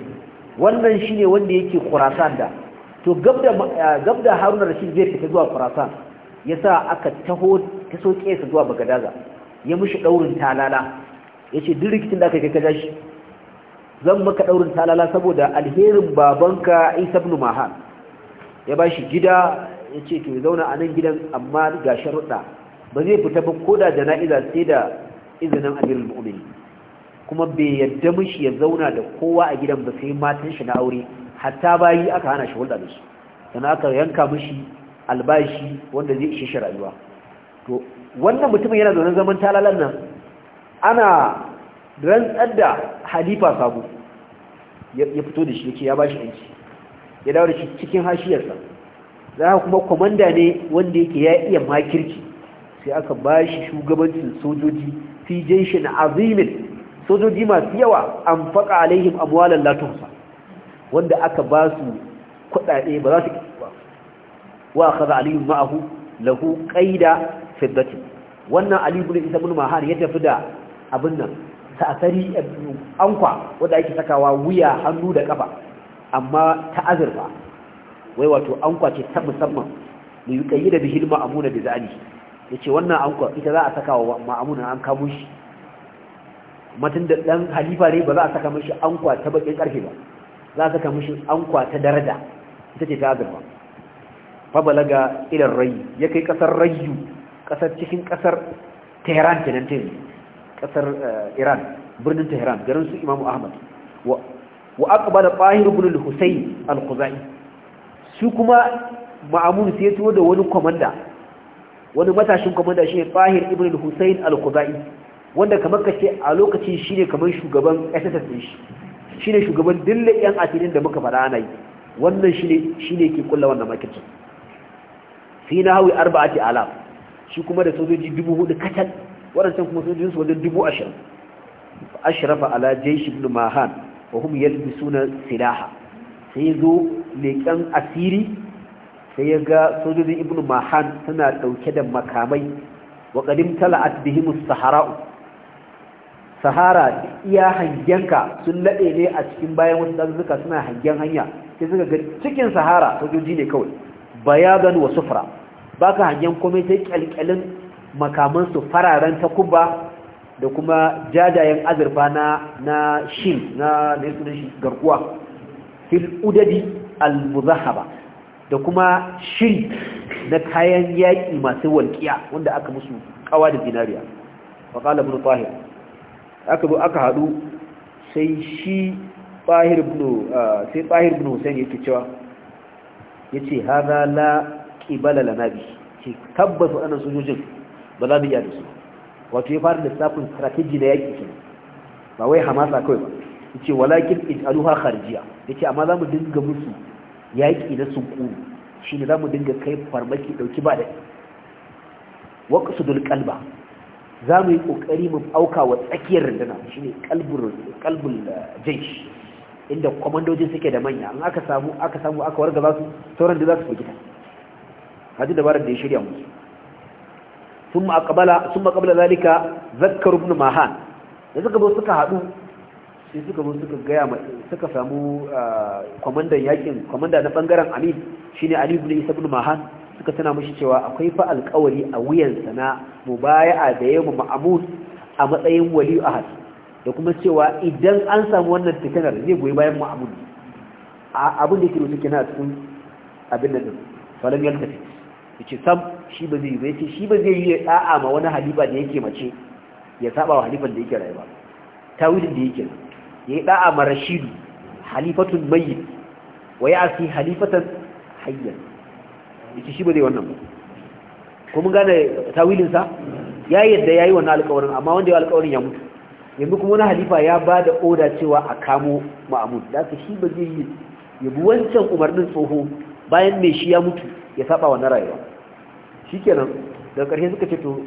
wannan shine wanda yake khurasan da to gab da eh, haruna zai fita zuwa farasan ya sa aka taho ta soke sa zuwa bagadaza ya mushi daurin talala ya ce duk rikicin da aka kai kaja shi zan maka daurin talala saboda alherin babanka isa ibn ya ba shi gida ya ce to ya zauna a nan gidan amma ga sharuɗa ba zai fita ba ko da jana'iza sai da izinin amirul mu'minin kuma bai yadda mishi ya zauna da kowa a gidan ba sai matan shi na aure hatta bayi aka hana shi hulɗa da su sannan aka yanka mashi albashi wanda zai ishe shi rayuwa to wannan mutumin yana zaune zaman talalan nan ana rantsar da halifa sabo ya fito da shi yake ya bashi yanci ya dawo da shi cikin hashiyarsa za a kuma kwamanda ne wanda yake ya iya makirci sai aka ba shi shugabancin sojoji fi na azimin sojoji masu yawa an faƙa alaihim amwalan latunsa wanda aka ba su kudade ba za su ƙi ba wa kaza aliyu ma'ahu lahu qaida fiddati wannan ali ibn isa ibn mahan ya tafi da abin nan ta'asari anqa wanda ake sakawa wuya hannu da kafa amma ta azurfa wai wato anqa ce ta musamman da yi kayi da bihil ma'amuna da zali ya ce wannan anqa ita za a sakawa ma'amuna an kamo shi Matan da dan halifa ne ba za a saka mishi anqa ta bakin karfe ba za su ka mishi an kwata daraja ita ce ta azurfa fabalaga ilar rayu ya kai kasar rayu kasar cikin kasar tehran kenan teri kasar eh, iran birnin tehran garin su imamu ahmad wa ba da ibn al-husayn al kuzai su kuma ma'amun sai ya tuwo da wani kwamanda, wani matashin kwamanda shine tahir ibn al-husayn al kuzai wanda kamar kace a lokacin shi ne kamar shugaban SSS shi shine shugaban dille yan asirin da muka faɗa ana yi wannan shine shine ke kulla wannan makircin fi na hawi arba'ati alaf shi kuma da sojoji dubu hudu katal waɗancan kuma sojojin su wajen dubu ashirin ashrafa ala jaysh ibn mahan wa hum yalbisuna silaha sai zo leƙen asiri sai ya ga sojojin ibn mahan suna ɗauke da makamai wa qadim tala'at bihimus sahara'u sahara iya hangenka sun laɗe ne a cikin bayan wasu ɗarzuka suna hangen hanya sai suka ga cikin sahara sojoji ne kawai bayadan wa sufra ba ka hangen komai sai ƙyalƙyalin makamansu fararen takuba da kuma jajayen azurfa na na shil na da shi garkuwa fil udadi al-muzahaba da kuma shiri na kayan yaƙi masu walƙiya wanda aka musu ƙawa da zinariya faƙala bin tahir aka zo aka haɗu sai shi bahir bino ah, sai bahir ibn husayn yake cewa ce hada la ƙibala lana bi ce tabbas waɗannan sojojin ba za mu iya da su wato ya fara lissafin strategi da yaƙi kenan ba wai hamasa kawai ba Ya yace walakin ijaluha Ya ce amma za mu dinga musu yaƙi na shi shine za mu dinga kai farmaki ɗauki ba da waqsudul qalba za mu yi ƙoƙari mu auka wa tsakiyar runduna shi ne ƙalbun eh, jaish inda kwamandojin suke da manya an aka samu aka samu aka warga za su sauran da za su firgita haji dabarar da ya shirya musu sun maƙabala sun zalika zakkar rubin mahan da suka zo suka haɗu sai suka zo suka gaya suka samu eh, kwamandan yakin kwamanda na ɓangaren amin ne alibu ne isa rubin mahan suka tana mashi cewa akwai fa alƙawari a wuyansa na mubaya'a da yayin ma'amud a matsayin wali ahad da kuma cewa idan an samu wannan fitanar zai goyi bayan ma'amud abin da ke rubuta kenan a cikin abin da din falam yaltafi yace sam shi ba zai yi yace shi ba zai yi da'a ma wani halifa da yake mace ya saba wa halifan da yake rayuwa tawilin da yake yayi da'a ma rashidu halifatun mayyit wa ya'si halifatan hayyan yace shi ba zai wannan ba ko mun gane tawilin sa ya yadda yayi wannan alƙawarin amma wanda ya alƙawarin ya mutu yanzu kuma wani halifa ya ba da oda cewa a kamo ma'amud da ka shi ba zai yi yabi wancan umarnin tsoho bayan mai shi ya mutu ya saba wannan rayuwa shi kenan daga ƙarshe suka ce to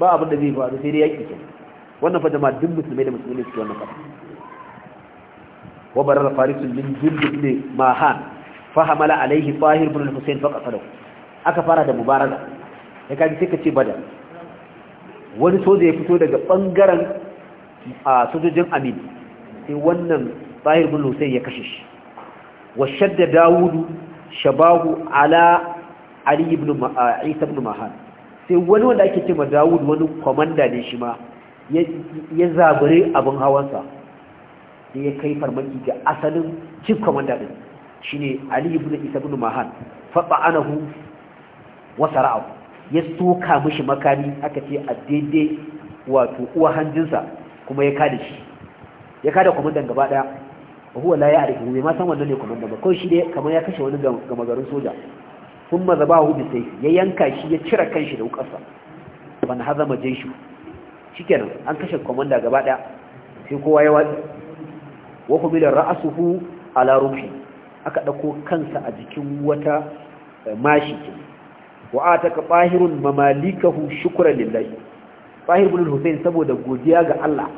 ba abin da zai faru sai dai yaƙi kenan wannan fa jama'a duk musulmai da musulmai suke wannan fata wa barar farisun min jundub ne mahan fahamala alaihi fahir bin al-husayn faqatalahu aka fara da mubaraka ya kaji sai ka ce badar wani soja ya fito daga bangaren a sojojin amin sai wannan bahir bin lusai ya kashe shi wa shadda dawudu shabahu ala ali ibn isa ibn mahan sai wani wanda ake ce ma Dawudu wani komanda ne shi ma ya zabure abin hawansa da ya kai farmaki ga asalin cin ne Shi ne ali ibn isa ibn mahan fa wasa ra'au ya soka mishi makami aka ce a daidai wato uwa hanjinsa kuma ya kada shi ya kada kwamandan gaba daya huwa la ya arifu mai ma wannan ne kwamandan ba kawai shi ne kamar ya kashe wani gama garin soja sun maza ba hu bisai ya yanka shi ya cire kanshi da wukarsa ban hazama shi. kenan an kashe kwamanda gaba daya sai kowa ya watsi wa humila ra'asuhu a rufi aka ɗauko kansa a jikin wata eh, mashi Wa'ataka ataka fahirun mamalikahu shukran lillahi fahir ibn husayn saboda godiya ga Allah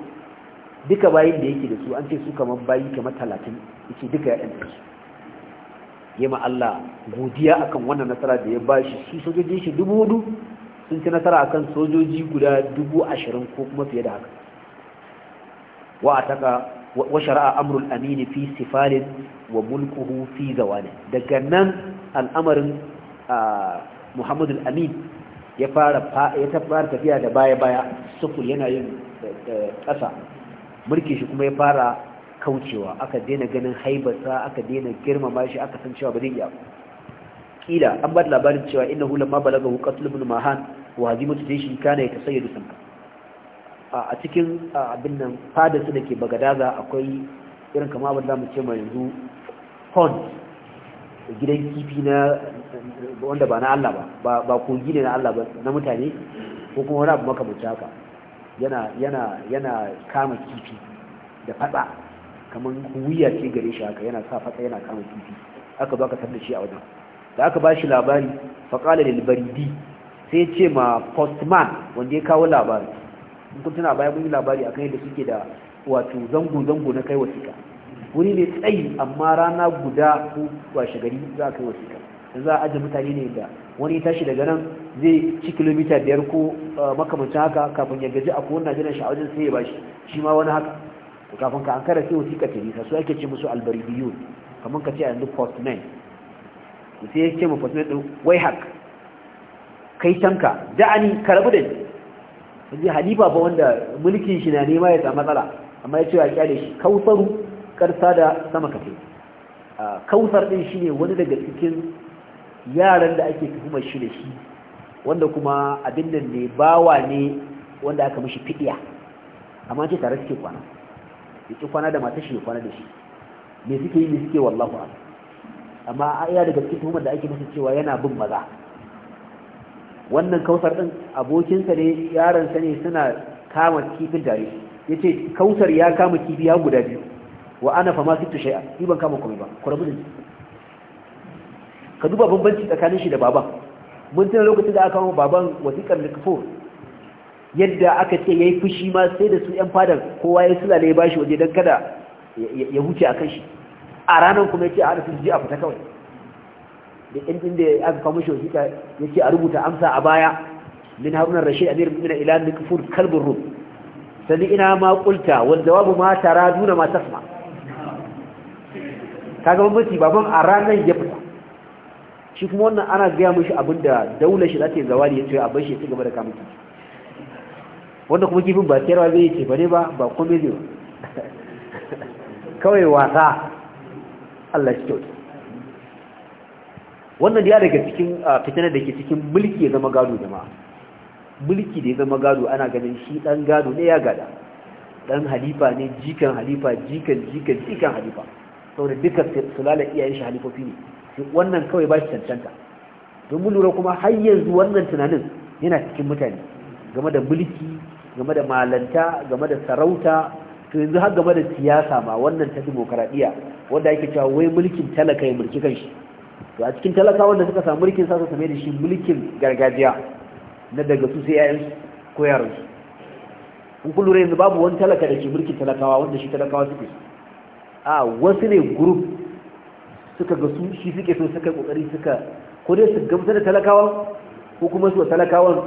duka bayin da yake da su an ce su kamar bayi kamar 30 yake duka ya danta su yema Allah godiya akan wannan nasara da ya bashi su sojojin shi dubu hudu sun ci nasara akan sojoji guda dubu ashirin ko kuma fiye da haka wa ataka wa shari'a amrul amini fi sifalin wa mulkuhu fi zawalin daga nan al'amarin ah, muhammad al-amin ya fara tafiya da baya-baya sufur yana yin eh, eh, ƙasa mulki shi kuma ya fara kaucewa aka daina ganin haibarsa aka daina girmama shi aka san cewa ba zai iya kila an bada labarin cewa inna hula ma balaga hukatul ibn mahan wa shi, jayshi kana ya da sanka a cikin abin nan fada su dake bagadaza akwai irin kama abin da mu mai yanzu horns gidan kifi na wanda ba na Allah ba ba kogi ne na Allah ba na mutane ko kuma wani abu makamanci haka yana yana yana kama kifi da fada kamar huwiya ce gare shi haka yana sa fada yana kama kifi aka baka tabda shi a wajen da aka ba shi labari faqala lil baridi sai ya ce ma postman wanda ya kawo labari kun tuna baya mun yi labari akan yadda suke da wato zango zango na kai wasiƙa wuri ne tsayi amma rana guda ko washe gari za ka yi wasiƙa za a aje mutane ne da wani tashi daga nan zai ci kilomita biyar ko eh, makamancin haka kafin ya gaji a kowane najeriya shi a wajen sai ya bashi shi ma wani haka kafin ka an kara sai wasiƙa ta nisa su ake ce musu albaribiyu kamar ka ce a yanzu postman sai ya ce ma postman ɗin wai hak kai canka da'ani karabu da ni yanzu halifa ba wanda mulkin shi na nema ya samu matsala amma ya ce ya kyale shi kautsaru karsa da sama kafe ɗin shi ne wani daga cikin yaran da ake tuhumar shi da shi wanda kuma abin nan ne bawa ne wanda aka mishi fidiya amma ce tare suke kwana ke kwana da mata shi kwana da shi me suke yi ne suke wallahu a'lam amma ya daga cikin tuhumar da ake masa cewa yana bin maza wannan kawusar ɗin abokinsa ne yaransa ne suna kama kifin tare ce kawusar ya kama kifi ya guda biyu wa ana fa Iban shay'a ni ban kama komai ba ku rabu ka duba bambanci tsakanin shi da baban mun tuna lokacin da aka kama baban wasiƙar likfo yadda aka ce yayi fushi ma sai da su ƴan fadan. kowa ya sulale ya bashi waje don kada ya huce akan shi a ranar kuma yace a hada su a fita kawai da ɗin ɗin da aka kama shi wasiƙa yace a rubuta amsa a baya min haruna rashid amir bin ila likfur kalbur rum sannan ina ma kulta wal jawabu ma tara duna ma tasma' kaga bambanci baban a ranar ya fita shi kuma wannan ana gaya mashi abin da daular shi za ta yi zawali ya ce a bashi ya ci gaba da kamun kifi wanda kuma kifin ba kera zai ce ba ne ba ba kome zai kawai wasa Allah shi kyauta wannan ya daga cikin fitinar da ke cikin mulki ya zama gado jama'a mulki da ya zama gado ana ganin shi dan gado ne ya gada dan halifa ne jikan halifa jikan jikan jikan halifa saboda duka sulalar iyayen shi halifofi ne wannan kawai ba shi cancanta don mu lura kuma har yanzu wannan tunanin yana cikin mutane game da mulki game da malanta game da sarauta to yanzu har game da siyasa ma wannan ta demokaradiyya wanda ake cewa wai mulkin talaka ya mulki kanshi to a cikin talaka wanda suka samu mulkin sa su same da shi mulkin gargajiya na daga su sai yayan ko yaran su kun lura yanzu babu wani talaka da ke mulkin talakawa wanda shi talakawa suke su a wasu ne group suka ga su shi suke so suka kokari suka ko dai su gamsa da talakawan ko kuma su talakawan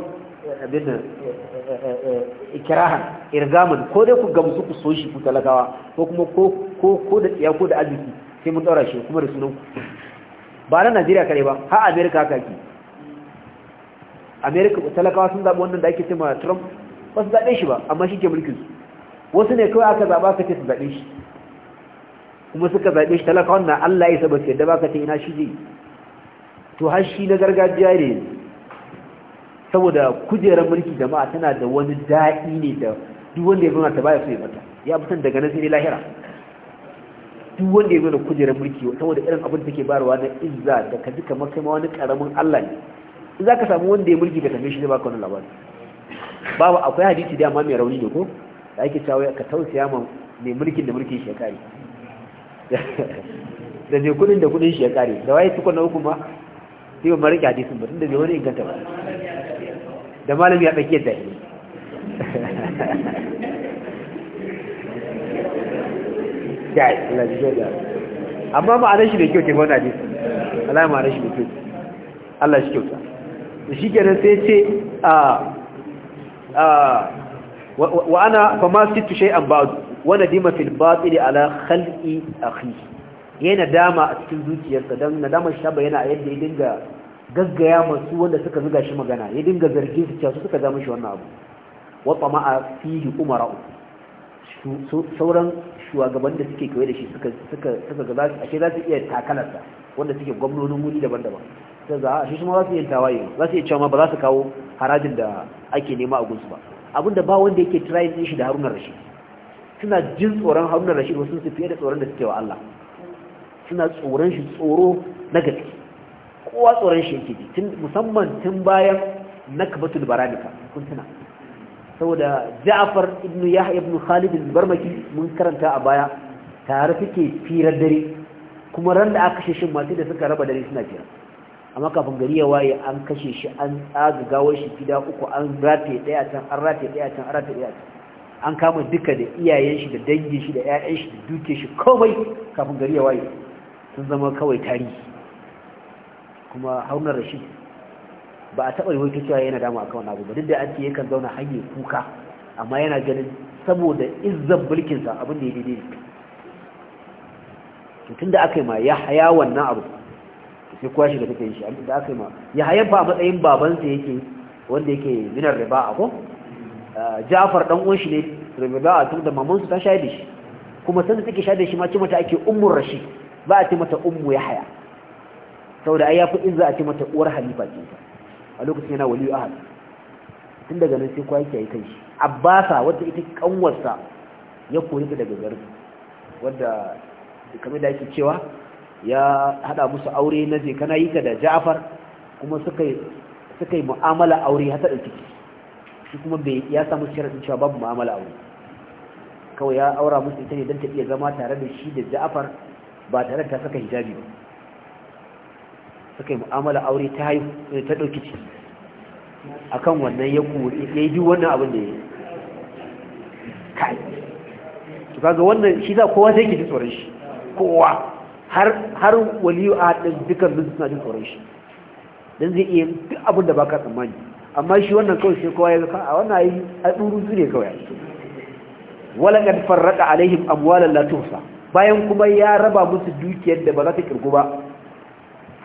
eh, abin da eh, eh, ikirahan irgaman ko dai ku gamsu ku so shi ku talakawa ko kuma ko ko da tsiya ko da arziki sai mun daura shi kuma da sunan ku ba na Najeriya kare ba Ha America haka ki America talakawa sun zabi wannan da ake cewa Trump ba su zabe shi ba amma shi ke mulkin su wasu ne kawai aka zaba ka ce su zabe shi kuma suka zaɓe shi talaka wannan Allah ya yi saba yadda ka ta ina shi ne to har shi na gargajiya ne saboda kujerar mulki jama'a tana da wani daɗi ne da duk wanda ya zauna ta baya so ya mata ya fitan daga nan sai lahira duk wanda ya zauna kujerar mulki saboda irin abin take bayarwa na izza da ka duka kamar ma wani karamin Allah ne in za ka samu wanda ya mulki ka tambaye shi zai baka wani labari babu akwai hadisi da ma mai rauni ne ko da ake cewa ka tausaya ma mai mulkin da mulkin shekari da mai kudin da kudin shi ya kare da waye tukuna na uku ma sai ba marike hadisin ba tun da bai wani inganta ba da malami ya tsakiyar da shi amma ma'anar shi da kyau ke wani hadisi alama ma'anar shi da kyau Allah shi kyauta shi kenan sai ce ah, ah, a wa ana fa ma situ shay'an ba'du wani dima fil batili ala khal'i akhi ya nadama a cikin zuciyarsa don nadamar shaba bayyana a yadda ya dinga gaggaya masu wanda suka zuga shi magana ya dinga zargin su cewa su suka zama shi wannan abu wa tsama'a fihi umara'u sauran shugaban da suke kawai da shi suka suka suka ga zasu ashe za su iya takalarsa wanda suke gwamnonin wuri daban-daban sai za a shi kuma za su yi tawaye za su iya cewa ba za su kawo harajin da ake nema a gunsu ba abinda ba wanda yake try shi da Haruna Rashid suna jin tsoron haruna rashid wasu su fiye da tsoron da suke wa Allah suna tsoron shi tsoro na gaske kowa tsoron shi yake ji musamman tun bayan nakbatul baranika kun tuna saboda Ja'far ibn Yahya ibn Khalid barmaki mun karanta a baya tare suke firar dare kuma ran da aka kashe shi masu da suka raba dare suna fira amma kafin gari ya waye an kashe shi an tsaga gawar shi gida uku an rataye daya can an rataye daya can an rataye daya can an kama duka da iyayen shi da dangin shi da ƴaƴan shi da duke shi komai kafin gari ya waye sun zama kawai tarihi kuma haunar rashi ba a taɓa rahoto cewa yana damu akan wannan abu ba duk da an ce yakan zauna hanyar kuka amma yana ganin saboda izzan mulkinsa abin da ya daidai to tun da aka yi ma ya haya wannan abu sai kuwa shi da take yi shi da aka yi ma ya hayan fa a matsayin babansa yake wanda yake minar riba a ko Eh, jafar dan uwan shi ne rabi'a tun da maman su ta sha da shi kuma sanda take sha da shi ma ce mata ake ummu rashid ba a ce mata ummu yahya saboda ai yafi in za a ce mata uwar halifa ce a lokacin yana wali ahad tun daga nan sai kwa yake yi kanshi abbasa wanda ita kanwarsa ya kori ta daga garin wadda kamar da yake cewa ya hada musu aure na je kana yi ka da Ja'far kuma suka yi mu'amala aure har ta shi kuma bai ya samu sharadin cewa babu mu'amala a wuri kawai ya aura musu ita ne don ta iya zama tare da shi da ja'afar ba tare da ta saka hijabi ba suka yi mu'amala aure ta haihu eh, ta ɗauki ciki kan wannan ya yi biyu wannan abin da ya yi kai to kaga wannan shi za kowa sai ke ji tsoron shi kowa har waliyu a haɗin dukkan suna jin tsoron shi don zai iya duk abin da baka tsammani amma shi wannan kawai sai kowa ya ga a wannan ayi a duru zure kawai wala kad farrada alaihim amwalan la tuhsa bayan kuma ya raba musu dukiyar da ba za ta kirgu ba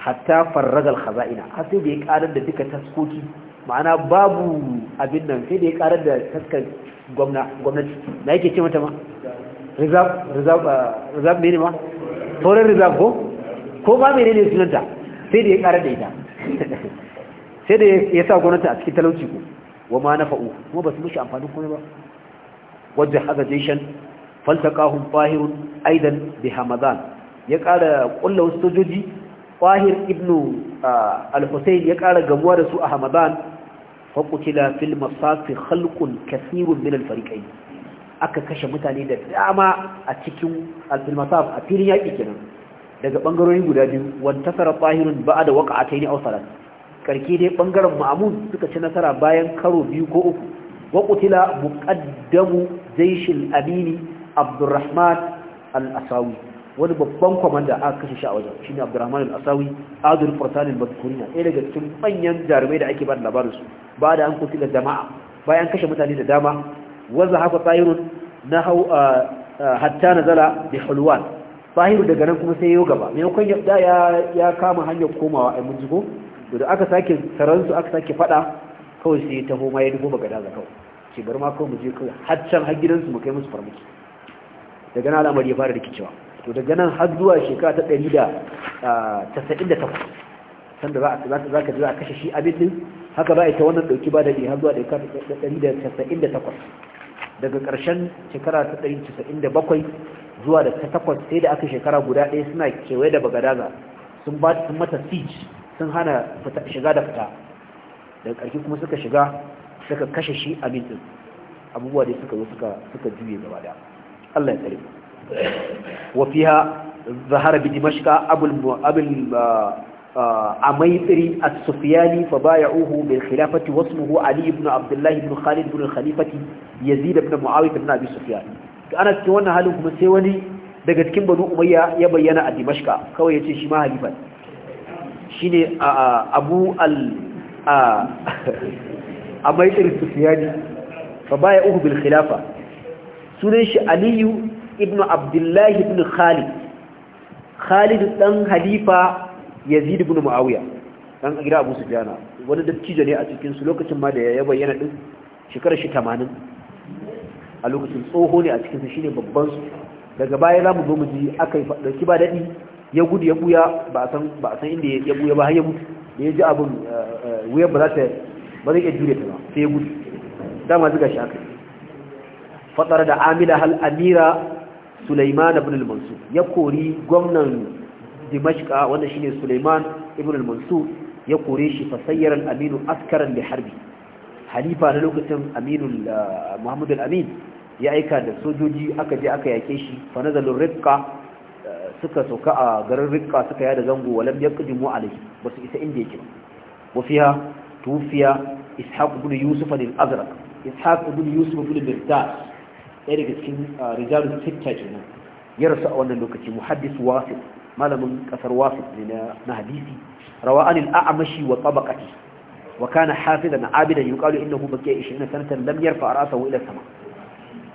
hatta farraga al-khaza'ina har sai da ya karar da duka taskoki ma'ana babu abin nan sai da ya karar da taskar gwamnati na yake ce mata ma rizab uh, mene ma taurin rizab ko ko ba mene ne sunanta sai da ya karar da ita *laughs* sai da ya sa gwamnati a cikin talauci ko wa ma fa'u kuma ba su mishi amfanin komai ba wajja haza jeshan faltaqahum fahirun aidan bi hamadan ya kara wasu sojoji fahir ibnu al-husayn ya kara gamuwa da su a hamadan fa qutila fil masafi khalqun kathirun min al-fariqayn aka kashe mutane da dama a cikin al-fil masaf a filin yaki kenan daga bangarori guda biyu wa tasara fahirun ba'da waqa'atayn aw salat karki dai bangaren ma'amun suka ci nasara bayan karo biyu ko uku wa kutila muqaddamu amini abdurrahman al-asawi wani babban komanda aka kashe shi a wajen shine abdurrahman al-asawi adul fursan al-madkurina ɗaya daga cikin manyan jarumai da ake ba da labarin su ba da an kutila jama'a bayan kashe mutane da dama wanda haka tsayirun na hau hatta nazala bi hulwan fahiru daga nan kuma sai ya gaba maimakon ya ya kama hanyar komawa a mun jigo to da aka sake saransu aka sake fada kawai sai ya taho ma ya dubo bagada za kawai ce bar ma kawai mu je kawai haccan har gidansu mu kai musu farmaki daga nan al'amari ya fara rikicewa to daga nan har zuwa shekara ta ɗari da tasa'in da takwas sanda za a za ka za a kashe shi abin din haka za a yi ta wannan ɗauki ba da har zuwa ɗari da tasa'in da takwas daga ƙarshen shekara ta ɗari tasa'in da bakwai zuwa da ta takwas sai da aka shekara guda ɗaya suna kewaye da bagadaza sun ba sun mata siege sun hana shiga da fita daga ƙarfi kuma suka shiga suka kashe shi a mintin abubuwa dai suka zo suka juye gaba da Allah ya tsare wa fiha zahara bi Dimashka abul abul ah, ah, amaitri as-sufyani fa uhu bil khilafati wasu muhu, ali ibn Abdullahi, ibn khalid ibn khalifati yazid ibn muawiyah ibn abi sufyan ana cikin wannan halin kuma sai wani daga cikin banu umayya ya bayyana a Dimashka, kawai yace shi ma halifa shine abu al *laughs* abai irsufiyani ba baya uku bil khilafa sunan shi aliyu ibn abdullahi ibn khalid khalid dan halifa yazid ibn muawiya dan gida abu jana. wani dattijo ne a cikin su lokacin ma da ya bayyana din shekarar shi 80 a lokacin tsoho ne a cikin su shine babban su daga baya zamu zo mu ji akai dauki ba dadi ya gudu ya buya ba a san inda ya buya ba har ya da ya ji abin eh, eh, wuyar ba za ta ba zai iya jure ta ba sai ya gudu dama zuga shi aka fatar da Amina hal amira Suleiman ibn al-mansur ya kori gwamnan Dimashka ah, wanda shine sulaiman ibn al-mansur ya kore shi fasayyar aminu askaran li harbi halifa na lokacin aminu ah, Muhammadu al-amin ya aika da sojoji aka je aka yake shi fa nazalur rifqa suka sauka a garin rikka suka yada zango walam yaqdimu ba su isa inda yake wa fiha tufiya ishaq ibn yusuf al-azraq ishaq ibn yusuf ibn mirdas ɗaya daga cikin ah, rijalun sitta kenan ya rasu a wannan lokaci muhaddis wasif malamin kasar wasif ne na hadisi rawa anil a'mashi wa tabaqati wa kana hafizan abidan yuqalu innahu baqiya 20 sanatan lam yarfa ra'sahu ila sama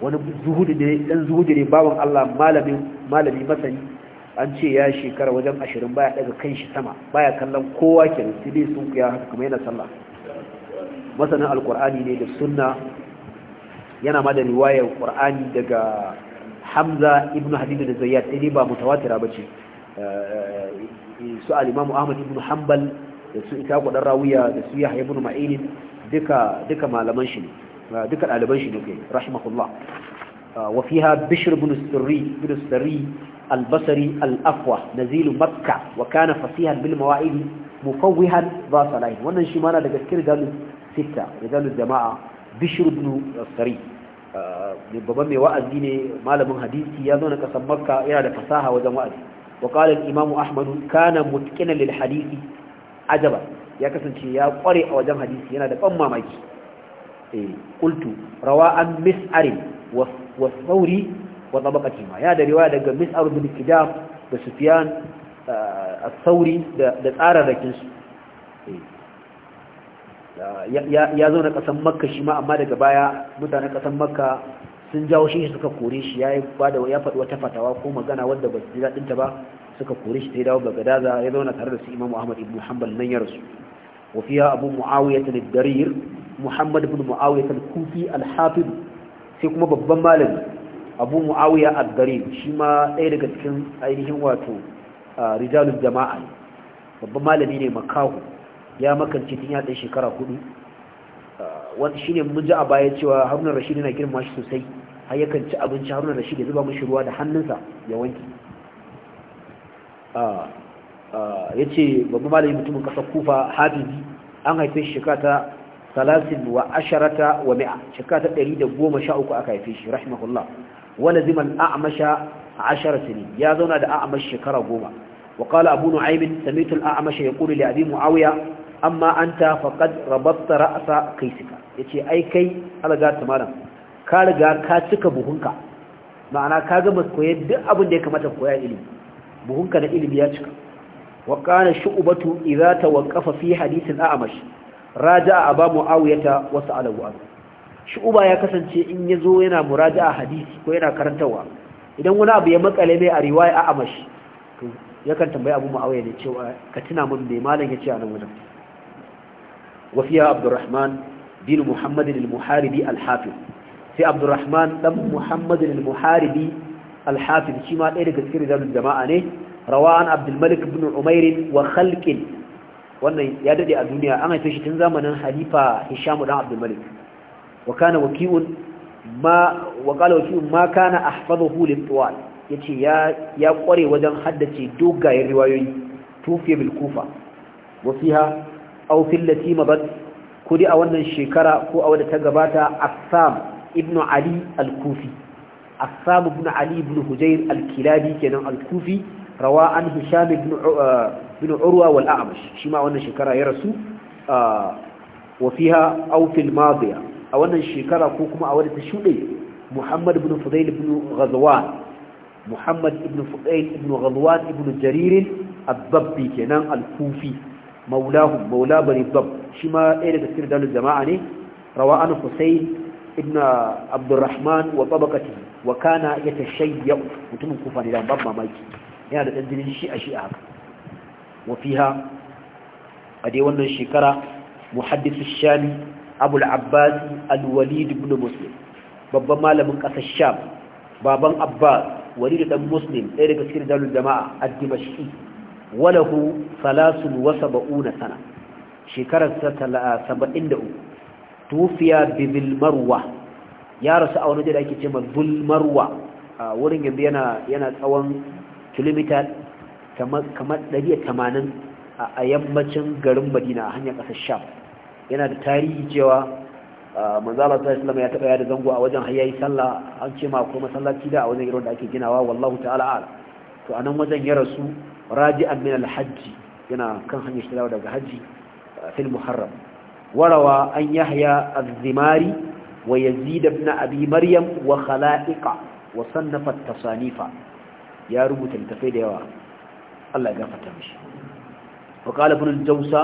wani zuhudi ne dan zuhudi ne baban Allah malamin malami masani an ce ya shekara wajen ashirin baya daga kan shi sama baya kallon kowa ke sai sun kuya haka kuma yana sallah masanin alkur'ani ne da sunna yana ma da riwayar qur'ani daga hamza ibn hadid da zayyad sai ne ba mutawatira bace eh, su al-imam ahmad ibn hanbal da su ita dan rawiya da su yahya ibn ma'in duka duka malaman shi ne duka ɗaliban shi ne rahimahullah wafiha bishir bin sirri bin albasari al alafwa nazilu makka wa kana fasihan bil mawa'id mufawihan ba salai wannan shi mana daga cikin dalu sita dalu jama'a bishir bin sirri babban mai wa'azi ne malamin hadisi ya zo na kasar makka yana da fasaha wajen wa'azi wa qala al imam ahmad kana mutqina lil hadisi ajaba ya kasance ya kware a wajen hadisi yana da ban mamaki kultu eh, rawa an mis'ar wa sauri wa tabaqati ma ya da riwaya daga mis'ar da kidam da sufyan sauri eh, da tsararrakin su eh, ya zo na kasan makka shi ma amma daga baya mutanen ƙasan makka sun jawo shi suka kore shi ya ya faɗi wata fatawa ko magana wadda ba ji daɗinta ba suka kore shi sai dawo gadaza ya zauna tare da su Imam muhammad ibn Hanbal nan ya rasu wa Abu Muawiya al-Darir muhammad ibn muawiya al-kufi al-hafiz sai kuma babban malami abu muawiya al-gari shi ma ɗaya daga cikin ainihin wato rijalul jama'a babban malami ne makahu ya makance tun ya shekara hudu wanda shine mun ji a baya cewa haruna rashid yana girma shi sosai har yakan ci abinci haruna rashid ya zuba mashi ruwa da hannunsa ya wanke ya ce babban malami mutumin kasar kufa habibi an haife shi shekara ta talasin wa ta wa mi'a Shekara ta ɗari da goma sha uku aka haife shi rahimahullah wani ziman a'amasha a ashirar sani ya zauna da a'amash shekara goma wa kala abu nu'aimin samitul a'amasha ya kuri abi mu'awiya amma an ta faƙad rabatta ra'asa ya ce ai kai alaga ta malam ka riga ka cika buhunka ma'ana ka ga gama koya duk abin da ya kamata koya ilimi buhunka na ilimi ya cika wa kana shu'batu idza tawaqqafa fi hadithin a'amash raja'a aba muawiyata wasu alahu anhu shu'uba ya kasance in ya zo yana muraja'a hadisi ko yana karantarwa. idan wani abu ya makale mai a riwaya a amashi to yakan tambayi abu muawiya ne cewa ka tuna min bai malam ya ce a nan wajen wafiya abdurrahman bin muhammadin al-muharibi al-hafiz sai abdurrahman dan muhammadin al-muharibi al-hafiz shi ma ɗaya daga cikin rijalul jama'a ne rawa an abdul malik ibn wa khalqin wannan ya dade a duniya an haife shi tun zamanin halifa hisham dan abdul malik wa kana wakiun ma wa qala wakiun ma kana ahfazuhu lil tuwal yace ya ya kware wajen haddace dogayen riwayoyi tufi bil kufa wa fiha aw fil lati kudi a wannan shekara ko a wadda ta gabata assam ibnu ali al-kufi assam ibnu ali ibn hujair al-kilabi kenan al-kufi rawa an hisham ibn uh, bin urwa wal a'mash shi ma wannan shekara ya rasu wa fiha aw fil madiya a wannan shekara ko kuma a wadda ta shuɗe muhammad ibn fudail ibn ghazwan muhammad ibn fudail ibn ghazwan ibn jarir ad-dabbi kenan al-kufi maulahum maula bani dab shi ma ɗaya daga cikin dalil jama'a ne rawa an husayn ibn abdurrahman wa tabaqati wa kana yatashayyu mutumin kufa ne da babba mamaki yana da dan shi a shi a haka وفيها ادي wannan shekara muhaddis ash-shami abul al-walid ibn muslim babban malamin kasar sham baban abbas walid dan muslim ɗaya daga da dalil jama'a ad-dimashqi walahu 73 sana shekara 73 tufiya bi bil marwa ya rasu a wani da ake cewa Bilmarwa, marwa wurin yanzu yana yana tsawon kilomita kamar 180 a yammacin garin madina a hanyar ƙasar sham yana da tarihi cewa manzala ta islam ya taɓa yada zango a wajen hayayi sallah an ce ma masallaci da a wajen irin da ake ginawa wallahu ta'ala ala to a nan wajen ya rasu raji'an min alhajji yana kan hanyar shi daga hajji fil muharram warawa an yahya az-zimari wa yazid ibn abi maryam wa khala'iqa wa sannafa at-tasanifa ya rubuta littafai da yawa Allah ya gafarta mishi wa qala ibn al-jawsa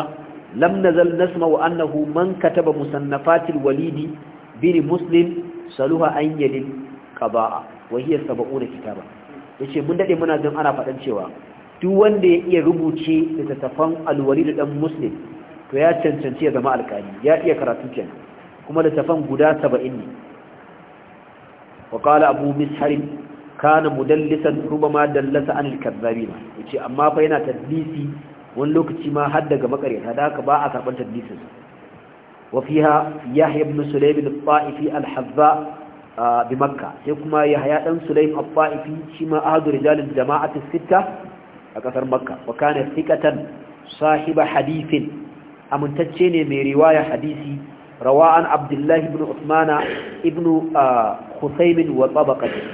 lam nazal nasma'u annahu man kataba musannafat al-walid bin muslim saluha an yalil qaba'a wa hiya 70 kitaba yace mun dade muna jin ana fadan cewa duk wanda ya iya rubuce littattafan al-walid dan muslim to ya cancanci ya zama alkali ya iya karatu kenan kuma littattafan guda 70 ne wa qala abu misharin kana mudallisan rubama dallasa anil kazzabina yace amma fa yana tadlisi wani lokaci ma har daga makaryata da haka ba a karban tadlisin wa fiha yahya ibn sulaym al-ta'ifi al-hazza bi makka sai kuma yahya dan sulaym al-ta'ifi shi ma ahadu rijal jamaati sitta a kasar makka wa kana thiqatan sahiba hadithin amintacce ne mai riwaya hadisi rawa an abdullahi ibn usmana ibn khusaymin wa tabaqati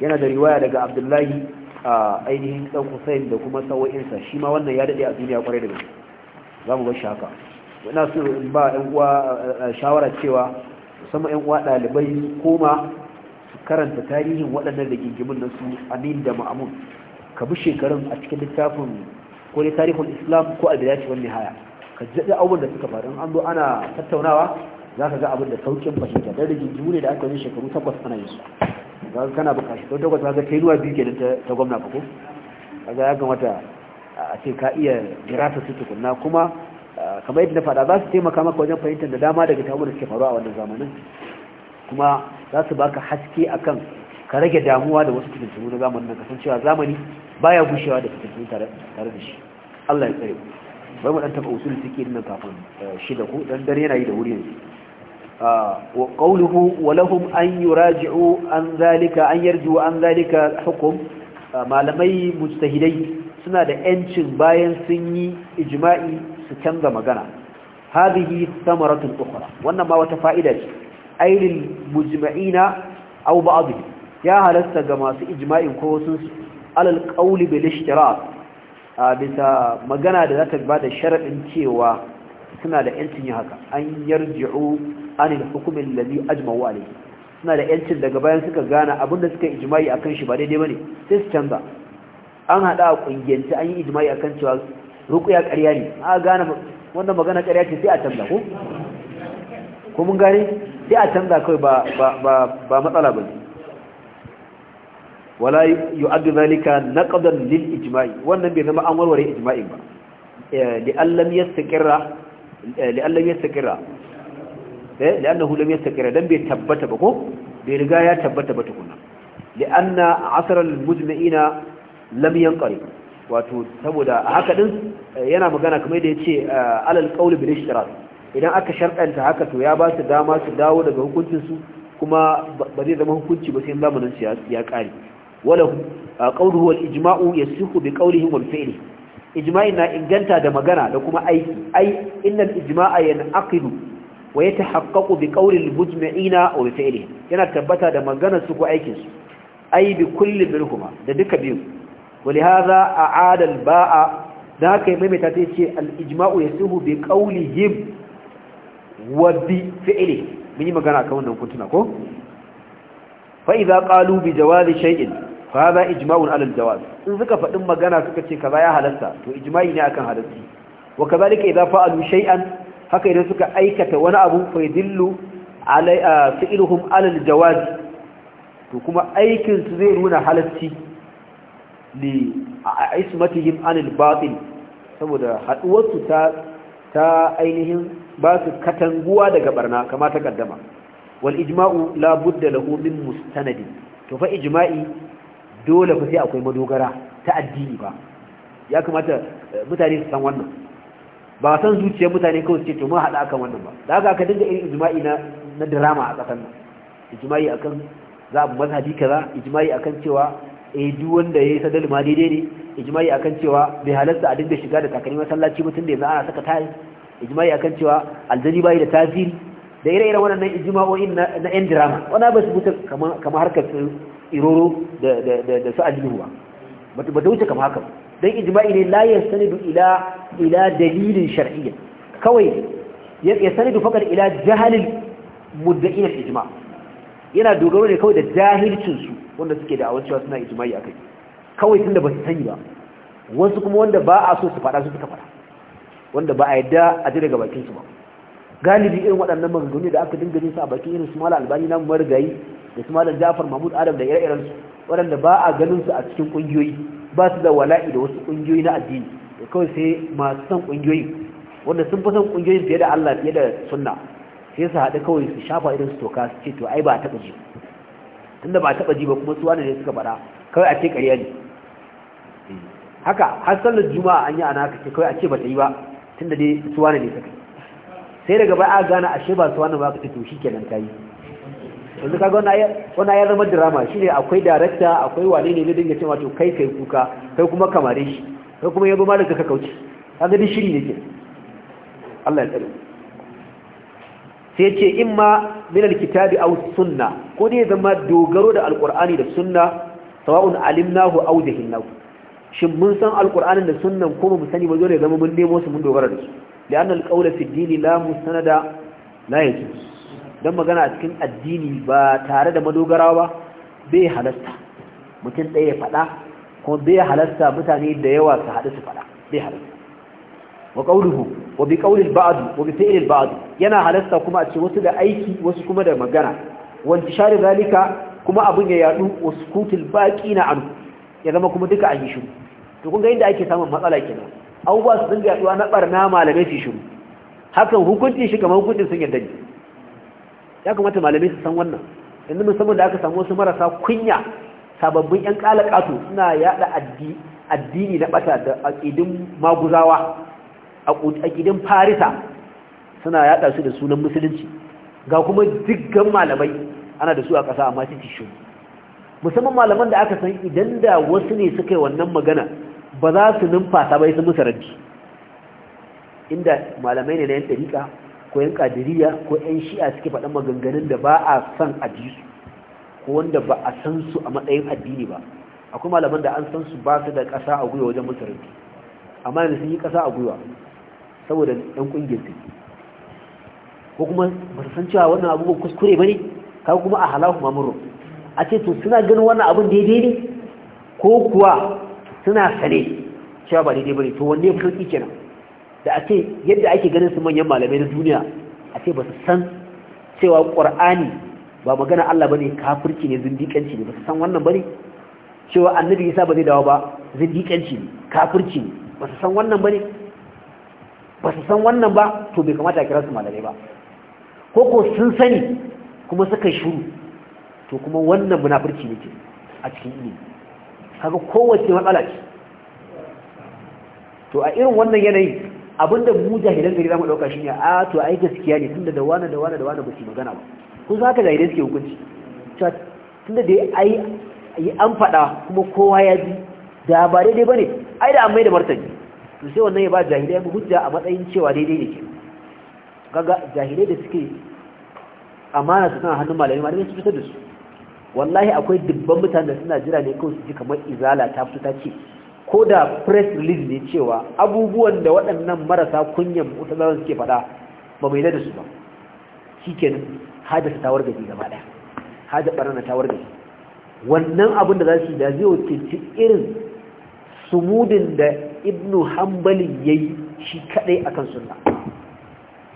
yana da riwaya daga abdullahi a ainihin dan kusayin da kuma sawa'insa shi ma wannan ya daɗe a duniya kwarai da gaske za mu bar shi haka ina so in ba yan uwa shawara cewa sama yan uwa ɗalibai koma su karanta tarihin waɗannan da gingimin na su amin da ma'amun ka bi shekarun a cikin littafin ko ne tarihin islam ko albidati wani haya ka jaɗi abubuwan da suka faru an zo ana tattaunawa za ka ga abin da sauƙin fahimta don rigingimu ne da aka yi shekaru takwas ana yin su ba kana bukaci shi don takwas ga tenuwa biyu kenan ta gwamna ba ko kaga ya gamata a ce ka iya dirasa su tukunna kuma kamar yadda na fada za su taimaka maka wajen fahimtar da dama daga ta da suke faruwa a wannan zamanin kuma za su baka haske akan ka rage damuwa da wasu fitintunu na zamanin nan kasancewa zamani baya gushewa da fitintunu tare da shi Allah ya tsare bai mu dan taba usul nan kafin eh, shida ko dan dare yana yi da wuri yanzu wa qawluhu wa lahum an yuraji'u an an yarji'u an hukum malamai mujtahidai suna da yancin bayan sun yi ijma'i su canza magana hadhihi thamaratun ukhra wannan ma wata fa'ida ce ailil mujma'ina aw ba'dihim ya halasta ga masu ijma'in ko sun alal qawli bil ishtirak bisa magana da zata ba da sharadin cewa suna da yancin yin haka an yarji'u anil hukumin lalli ajma'u alaihi suna da yancin daga bayan suka gana abinda suka yi ijimai a kan shi ba daidai ba ne sai su canza an haɗa a ƙungiyance an yi ijimai a kan cewa rukuya ƙarya ne a gane wannan magana ƙarya ce sai a canza ko ko mun gane sai a canza kawai ba matsala ba ne wala yu'addu zalika naqdan lil ijma'i wannan bai zama an warware ijma'in ba eh, li allam yastaqirra eh, li yastaqirra eh li'annahu lam yastaqira dan bai tabbata ba ko bai riga ya tabbata ba tukuna li'anna asral mujma'ina lam yanqari wato saboda haka din yana magana kamar da yace alal qawl bil ishtirak idan aka sharɗanta haka to ya basu dama su dawo daga hukuncin su kuma ba zai zama hukunci ba sai zamanin su ya kare wala qawluhu wal ijma'u yasihu bi qawlihi wal fi'li ijma'i na inganta da magana da kuma aiki ai innal ijma'a yanqidu wa ya ta haƙaƙo bi ƙaurin bujmi'ina a wata ili yana tabbata da maganar su ko aikinsu ai bi kulli bin da duka biyu wali haza a adal ba'a da haka yi maimaita ta ce al'ijma'u ya suhu bi ƙauli yin wa bi fi'ili mun yi magana a kan wannan kuntuna ko fa'iza ƙalu bi jawazi shay'in fa haza ijma'un alal jawaz in suka faɗin magana suka ce kaza ya halatta to ijma'i ne akan halarci. wa kaza duka idan fa'alu shay'an haka idan suka aikata wani abu fa yadillu alai fi'luhum alal jawaz to kuma aikin su zai nuna halacci li ismatihim anil batil saboda haduwar su ta ta ainihin ba su katanguwa daga barna kama ta kaddama wal ijma'u la budda lahu min mustanadi to fa ijma'i dole fa sai akwai madogara ta addini ba ya kamata eh, mutane su san wannan ba san zuciyar mutane kawai ce to mun haɗa akan wannan ba da haka aka dinga irin ijma'i na na drama a ƙasar nan ijma'i akan za mu mazhabi kaza ijma'i akan cewa eh duk wanda yayi sadal ma daidai ne ijma'i akan cewa bai halatta a dinga shiga da takalmin masallaci mutum da yanzu ana saka tayi ijma'i akan cewa aljani bai da tasiri da ire-iren wannan ijma'o'in na na yan drama wani ba su buta kamar kamar harkar iroro da da da su aljihu ba ba ta wuce kamar haka ba dan ijma'i ne layin yastanidu ila dalilin shar'iyyin kawai ya yastanidu faqat ila jahalin mudda'in al-ijma' yana dogaro ne kawai da jahilcinsu, su wanda suke da awancewa suna ijma'i kai. kawai tunda ba su sani ba wasu kuma wanda ba a so su faɗa su suka faɗa wanda ba a yadda a ji daga bakinsu ba galibi irin waɗannan maganganu da aka dinga nisa a bakin irin su mala albani na margayi da su malam jafar mahmud adam da ire-irensu waɗanda ba a ganin su a cikin ƙungiyoyi ba su da wala'i da wasu ƙungiyoyi na addini da kawai sai masu son ƙungiyoyi wanda sun fi son ƙungiyoyi fiye da Allah fiye da sunna sai su haɗu kawai su shafa irin su toka su ce to ai ba a taɓa ji tunda ba a taɓa ji ba kuma su wani ne suka faɗa kawai a ce ƙarya ne haka har sallar juma'a an yi ana haka ce kawai a ce ba ta yi ba tunda dai su wani ne suka sai daga baya a gane ashe ba su wani ba ka ce to shi kenan ta yi yanzu kaga wannan ya zama drama ne akwai darakta akwai wane ne zai dinga cewa to kai kai kuka kai kuma kamare shi kai kuma yabo malaka ka kauce ka gani shiri ne ke Allah ya tsare sai ya ce imma min alkitabi aw sunna ko ne zama dogaro da alqur'ani da sunna sawa'un alimnahu aw jahilnahu shin mun san alqur'anin da sunnan ko mu sani ba zo ne zama mun nemo su mun dogara da su li'anna alqawla fi dini la mustanada don magana a cikin addini ba tare da madogara ba bai halasta mutum ɗaya ya faɗa kuma bai halasta mutane da yawa su haɗu su faɗa bai halasta wa ƙauluhu wa bi ƙaulil ba'adu wa bi fi'ilil ba'adu yana halasta kuma a ce wasu da aiki wasu kuma da magana wa intishari zalika kuma abin ya yaɗu wa sukutul na anu, ya zama kuma duka an yi shiru to kun ga inda ake samun matsala kenan abubuwa su dinga yaɗuwa na barna malamai su shiru hakan hukuncin shi kamar hukuncin sun yadda ne ya kamata malamai su san wannan inda musamman da aka samu wasu marasa kunya sababbin yan kalakatu suna yada addini na bata da aqidin maguzawa aqidin farisa suna yada su da sunan musulunci ga kuma dukkan malamai ana da su a kasa amma su shi musamman malaman da aka san idan da wasu ne suka yi wannan magana ba za su numfasa bai su musu inda malamai ne na yan tarika ko yan kadiriya ko yan shi'a suke faɗan maganganun da ba a san a ji su ko wanda ba a san su a matsayin addini ba akwai malaman da an san su ba su da ƙasa a gwiwa wajen musulunci amma yanzu sun yi ƙasa a gwiwa saboda yan ƙungiyar su ko kuma ba su san cewa wannan abubuwan kuskure ba ne ka kuma a halahu mamuru a ce to suna ganin wannan abin daidai ne ko kuwa suna sane cewa ba daidai ba ne to wanne ya fi sauƙi kenan da a ce yadda ake ganin su manyan malamai na duniya a ce ba su san cewa ƙwar'ani ba magana Allah ba ne kafirci ne zindiƙanci ne ba su san wannan ba ne cewa annabi isa ba zai dawo ba zindiƙanci ne kafirci ne ba su san wannan ba ne ba su san wannan ba to bai kamata a kira su malamai ba ko ko sun sani kuma suka shuru to kuma wannan munafurci ne ke a cikin ilimi kaga kowace matsala ce to a irin wannan yanayi abinda mu jahilan gari zamu dauka shine a to ai gaskiya ne tunda da wani da wani da wani ba su magana ba ko za ka jahilan suke hukunci cewa tunda da ai yi an faɗa kuma kowa ya ji da ba daidai bane ai da an mai da martani to sai wannan ya ba jahilai ya hujja a matsayin cewa daidai ne ke kaga jahilai da suke amana su tana hannun malami malamai su fitar da su wallahi akwai dubban mutanen da suna jira ne kawai su ji kamar izala ta fito ta ce ko da press release ne cewa abubuwan da waɗannan marasa kunyan mutazara suke faɗa ba mai da su ba shi kenan hada su tawar gaji gaba ɗaya hada ɓarana tawar gaji wannan abin da za su yi da zai wakilci irin sumudin da ibnu Hambali ya yi shi kaɗai akan sunna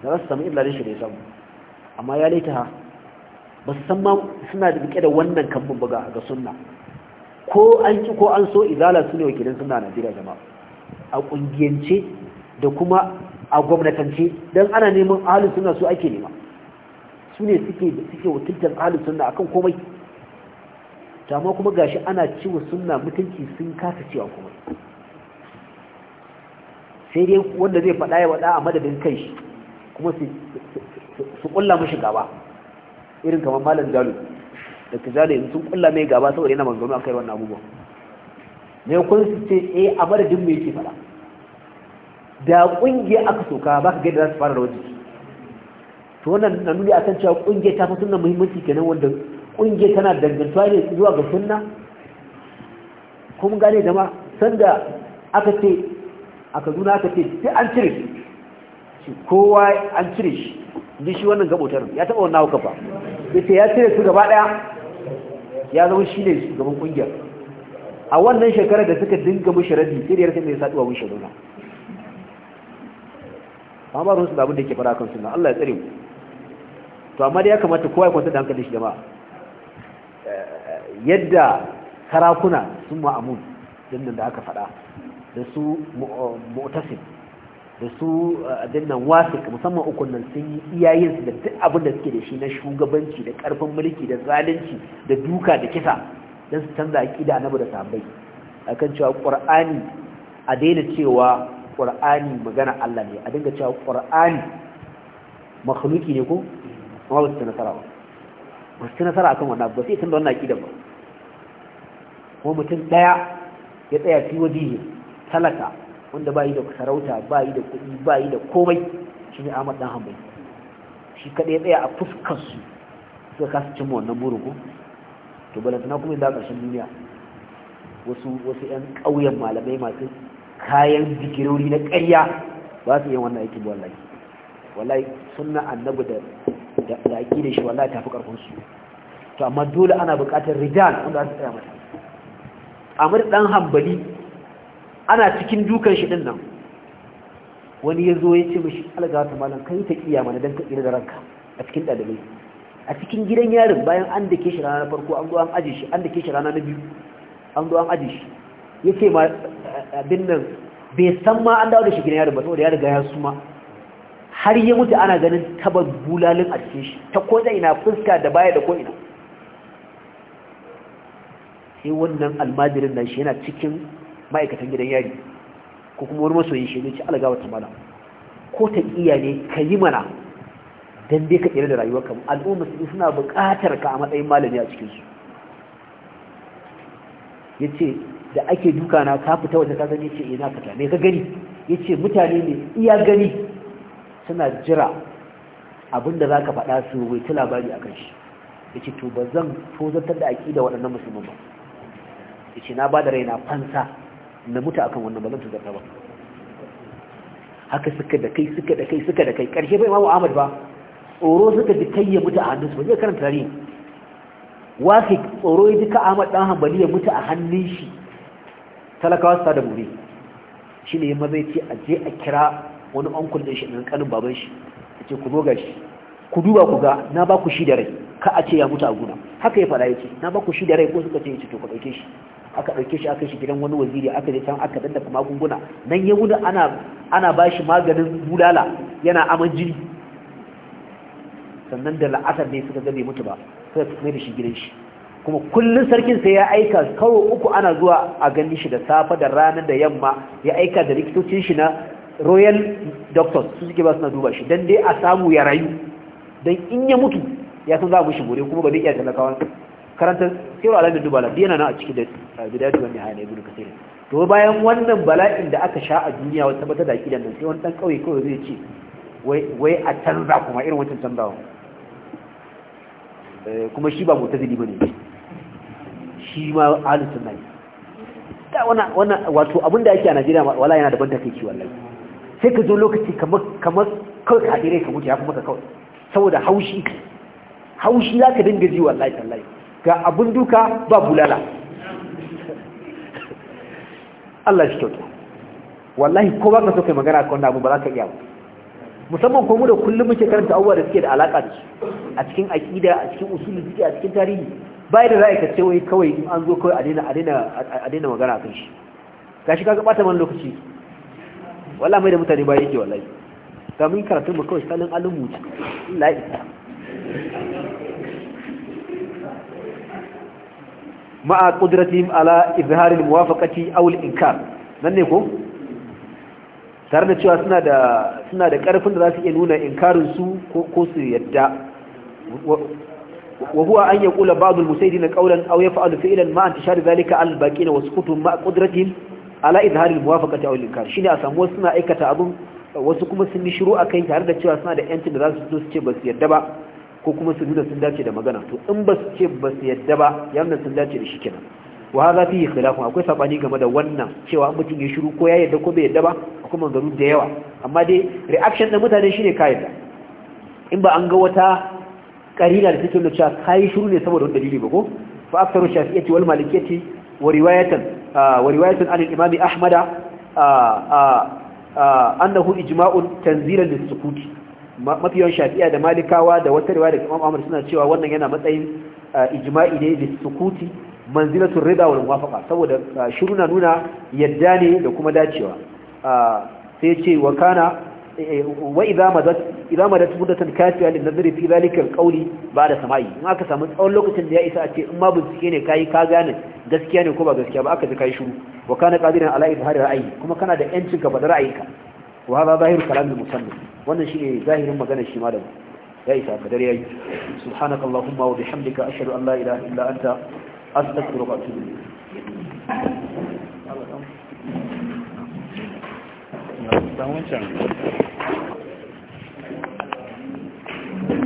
da za su samu illa shi da ya samu amma ya laita ba su san ma suna da da wannan kambun buga ga sunna ko an ki ko an so izala su ne wakilin suna najeriya jama'a a kungiyance, da kuma a gwamnatance don ana neman ahalin suna su ake nema su ne suke wakiltar ahalin suna akan komai amma kuma gashi ana ciwo suna mutunci sun kasa cewa komai sai dai wanda zai faɗa ya wada a madadin kai kuma su ƙulla mashi gaba irin kamar malam jalu da tijjani yanzu sun kulla mai gaba saboda yana a kai wannan abubuwan ne kun su ce eh a madadin mai ke fara da kungiya aka soka ba ka gaida za su fara da wajen to wannan na nuni a kan cewa kungiya ta fi sunna muhimmanci kenan wanda kungiya tana dangantuwa ne zuwa ga sunna kuma gane jama'a sanda aka ce a kaduna aka ce sai an cire shi kowa an cire shi ji shi wannan gabotar ya taɓa wannan hukafa ya ce ya cire su gaba ɗaya ya zama shi ne shugaban kungiyar a wannan shekarar da suka dinga mushi rabi sai da yarsa mai saduwa mushi nuna amma ba su da da ke fara kan suna Allah ya tsare mu to amma da ya kamata kowa ya kwanta da hankali shi ba, yadda karakuna sun ma'amun dindin da aka faɗa da su mu'tasim da su eh, abin wasik musamman uku nan sun yi iyayensu da duk abin da suke da shi na shugabanci da karfin mulki da zalunci da duka da kisa don su canza aƙida na da sabai akan cewa qur'ani a daina cewa qur'ani magana Allah ne a dinga cewa qur'ani makhluki ne ko amma ba su ci nasara ba ba su ci nasara akan wannan ba sai canza wannan aƙida ba ko mutum ɗaya ya tsaya fi wajihi talaka wanda ba yi da sarauta ba yi da kuɗi yi da komai shine Ahmad dan Hanbali shi kadai tsaya a fuskar su suka kasa cimma wannan burin To to balantana kuma da ƙarshen duniya wasu wasu ƴan ƙauyen malamai masu kayan zikirori na ƙarya ba su yi wannan aikin wallahi wallahi sunna annabi da da da da shi wallahi tafi karfin su to amma dole ana buƙatar rijal wanda za su tsaya mata Amir dan Hanbali ana cikin dukan shi dinnan wani ya zo ya ce mashi algawa ta malam kai ta kiya mana don ka da ranka a cikin ɗalibai a cikin gidan yarin bayan an da ke shi rana na farko an zo an aji shi an da ke shi rana na biyu an zo an aji shi ya ce ma abin nan bai san ma an dawo da shi gidan yarin ba saboda ya riga ya suma har ya mutu ana ganin tabar bulalin a cikin shi ta ko ina fuska da baya da ko ina sai wannan almajirin nan shi yana cikin ma'aikatan gidan yari ko kuma wani masoyin shi ne ci alaga wata mana ko ta iya ne ka yi mana don dai ka tsere da rayuwarka al'ummar su suna buƙatar ka a matsayin malami a cikin su ce da ake duka na ka fita wata ka gani ce ina eh, fata me ka gani Ya ce mutane ne iya gani suna jira abinda ka faɗa su wai ta labari akan shi ce to zan tozartar da da waɗannan musulman ba Ya ce na ba bada na fansa na mutu akan wannan ba zan tuzarta ba haka suka da kai suka da kai suka da kai karshe bai imamu ahmad ba tsoro suka ji kai ya mutu a hannunsu ba zai karanta Wa wafi tsoro ya ji ka ahmad dan hanbali ya mutu a hannun shi talakawa su da buri shi ne yamma zai ce a je a kira wani onkul din shi ɗan kanin baban shi A ce ku zo gashi ku duba ku ga na ba ku shi da rai ka a ce ya mutu a guna haka ya faɗa ya ce na ba ku shi da rai ko suka ce ya ce to ku ɗauke shi aka ɗauke shi aka shi gidan wani waziri aka je can aka dandafa magunguna nan ya wuni ana ana ba maganin bulala yana aman jini sannan da la'asar ne suka gabe mutu ba sai su da shi gidan shi kuma kullun sarkin sai ya aika kawo uku ana zuwa a gani shi da safa da rana da yamma ya aika da likitocin shi na royal doctors su suke ba suna duba shi don dai a samu ya rayu don in ya mutu ya san za mu shi gore kuma ba zai iya talakawa karanta sirru alamin dubala yana na a cikin da bidayatu wani haya na ibn kasir to bayan wannan bala'in da aka sha a duniya wata bata da kidan nan sai wani dan kawai kawai zai ce wai a canza kuma irin wancan canzawa eh, kuma shi ba mutazili bane shi ma alisun sunna da wannan Wato wato da ake a Najeriya wala yana da ban ciwon lai sai ka zo lokaci kamar kawai ka ka mutu ya kuma ka kawai saboda haushi haushi ka dinga ji wallahi tallahi ga abin duka ba bulala Allah shi toto wallahi ko ba ka so kai magana kan abu ba za ka iya musamman ko mu da kullum muke karanta abubuwa da suke da alaka da a cikin aqida a cikin usul fiqh a cikin tarihi bai da ra'ayi ka ce wai kawai in an zo kawai a daina a daina a daina magana kan shi gashi kaga bata man lokaci wallahi mai da mutane ba yake wallahi ga mun karatu mu kawai salin alumuci la ilaha ma'a ƙudratim ala izharin muwafaƙaci aul inkar nan ne ku? tare da cewa suna da ƙarfin da za su iya nuna inkarin su ko su yadda wa huwa an yi ƙula babul musaidi na ƙaunar auye fa’adu fi ilan ma’an tashari zalika al baƙi na wasu kutu ma’a ƙudratim ala izharin muwafaƙaci aul inkar shi ne a samuwa suna aikata abin wasu kuma sun yi shiru a kai tare da cewa suna da 'yancin da za zo su ce ba su yadda ba ko kuma su nuna sun dace da magana to in ba su ce ba su yadda ba ya nuna sun dace da shi kenan wa hadha fi khilafun akwai sabani game da wannan cewa an mutum ya shiru ko ya yadda ko bai yadda ba akwai manzaru da yawa amma dai reaction da mutane shine ka yadda in ba an ga wata karina da take nuna kai shiru ne saboda wani dalili ba ko fa aktaru shafi'ati wal malikiyati wa riwayatan wa riwayatan an al-imam ahmada annahu ijma'un tanzilan lis-sukuti mafiyan shafi'a da malikawa da wata riwaya da imam ahmad suna cewa wannan yana matsayin uh, ijma'i ne da sukuti manzilatul rida wal muwafaqa saboda uh, shiru na nuna yadda ne da kuma dacewa uh, sai ce wa kana eh, eh, wa idza madat idza madat muddatan kafiya lin nadri fi zalika al qawli ba'da sama'i in aka samu tsawon lokacin da ya isa a ce in ma bincike ne kai ka gane gaskiya ne ko ba gaskiya ba aka ji kai shiru wa kana qadiran ala izhari ra'ayi kuma kana da yancin ka ra'ayi ra'ayinka wa hada zahir kalam al-musannif wannan shine zahirin maganar shi malamin ya isa kadar yayi subhanakallahumma wa bihamdika ashhadu an la ilaha illa anta astaghfiruka wa atubu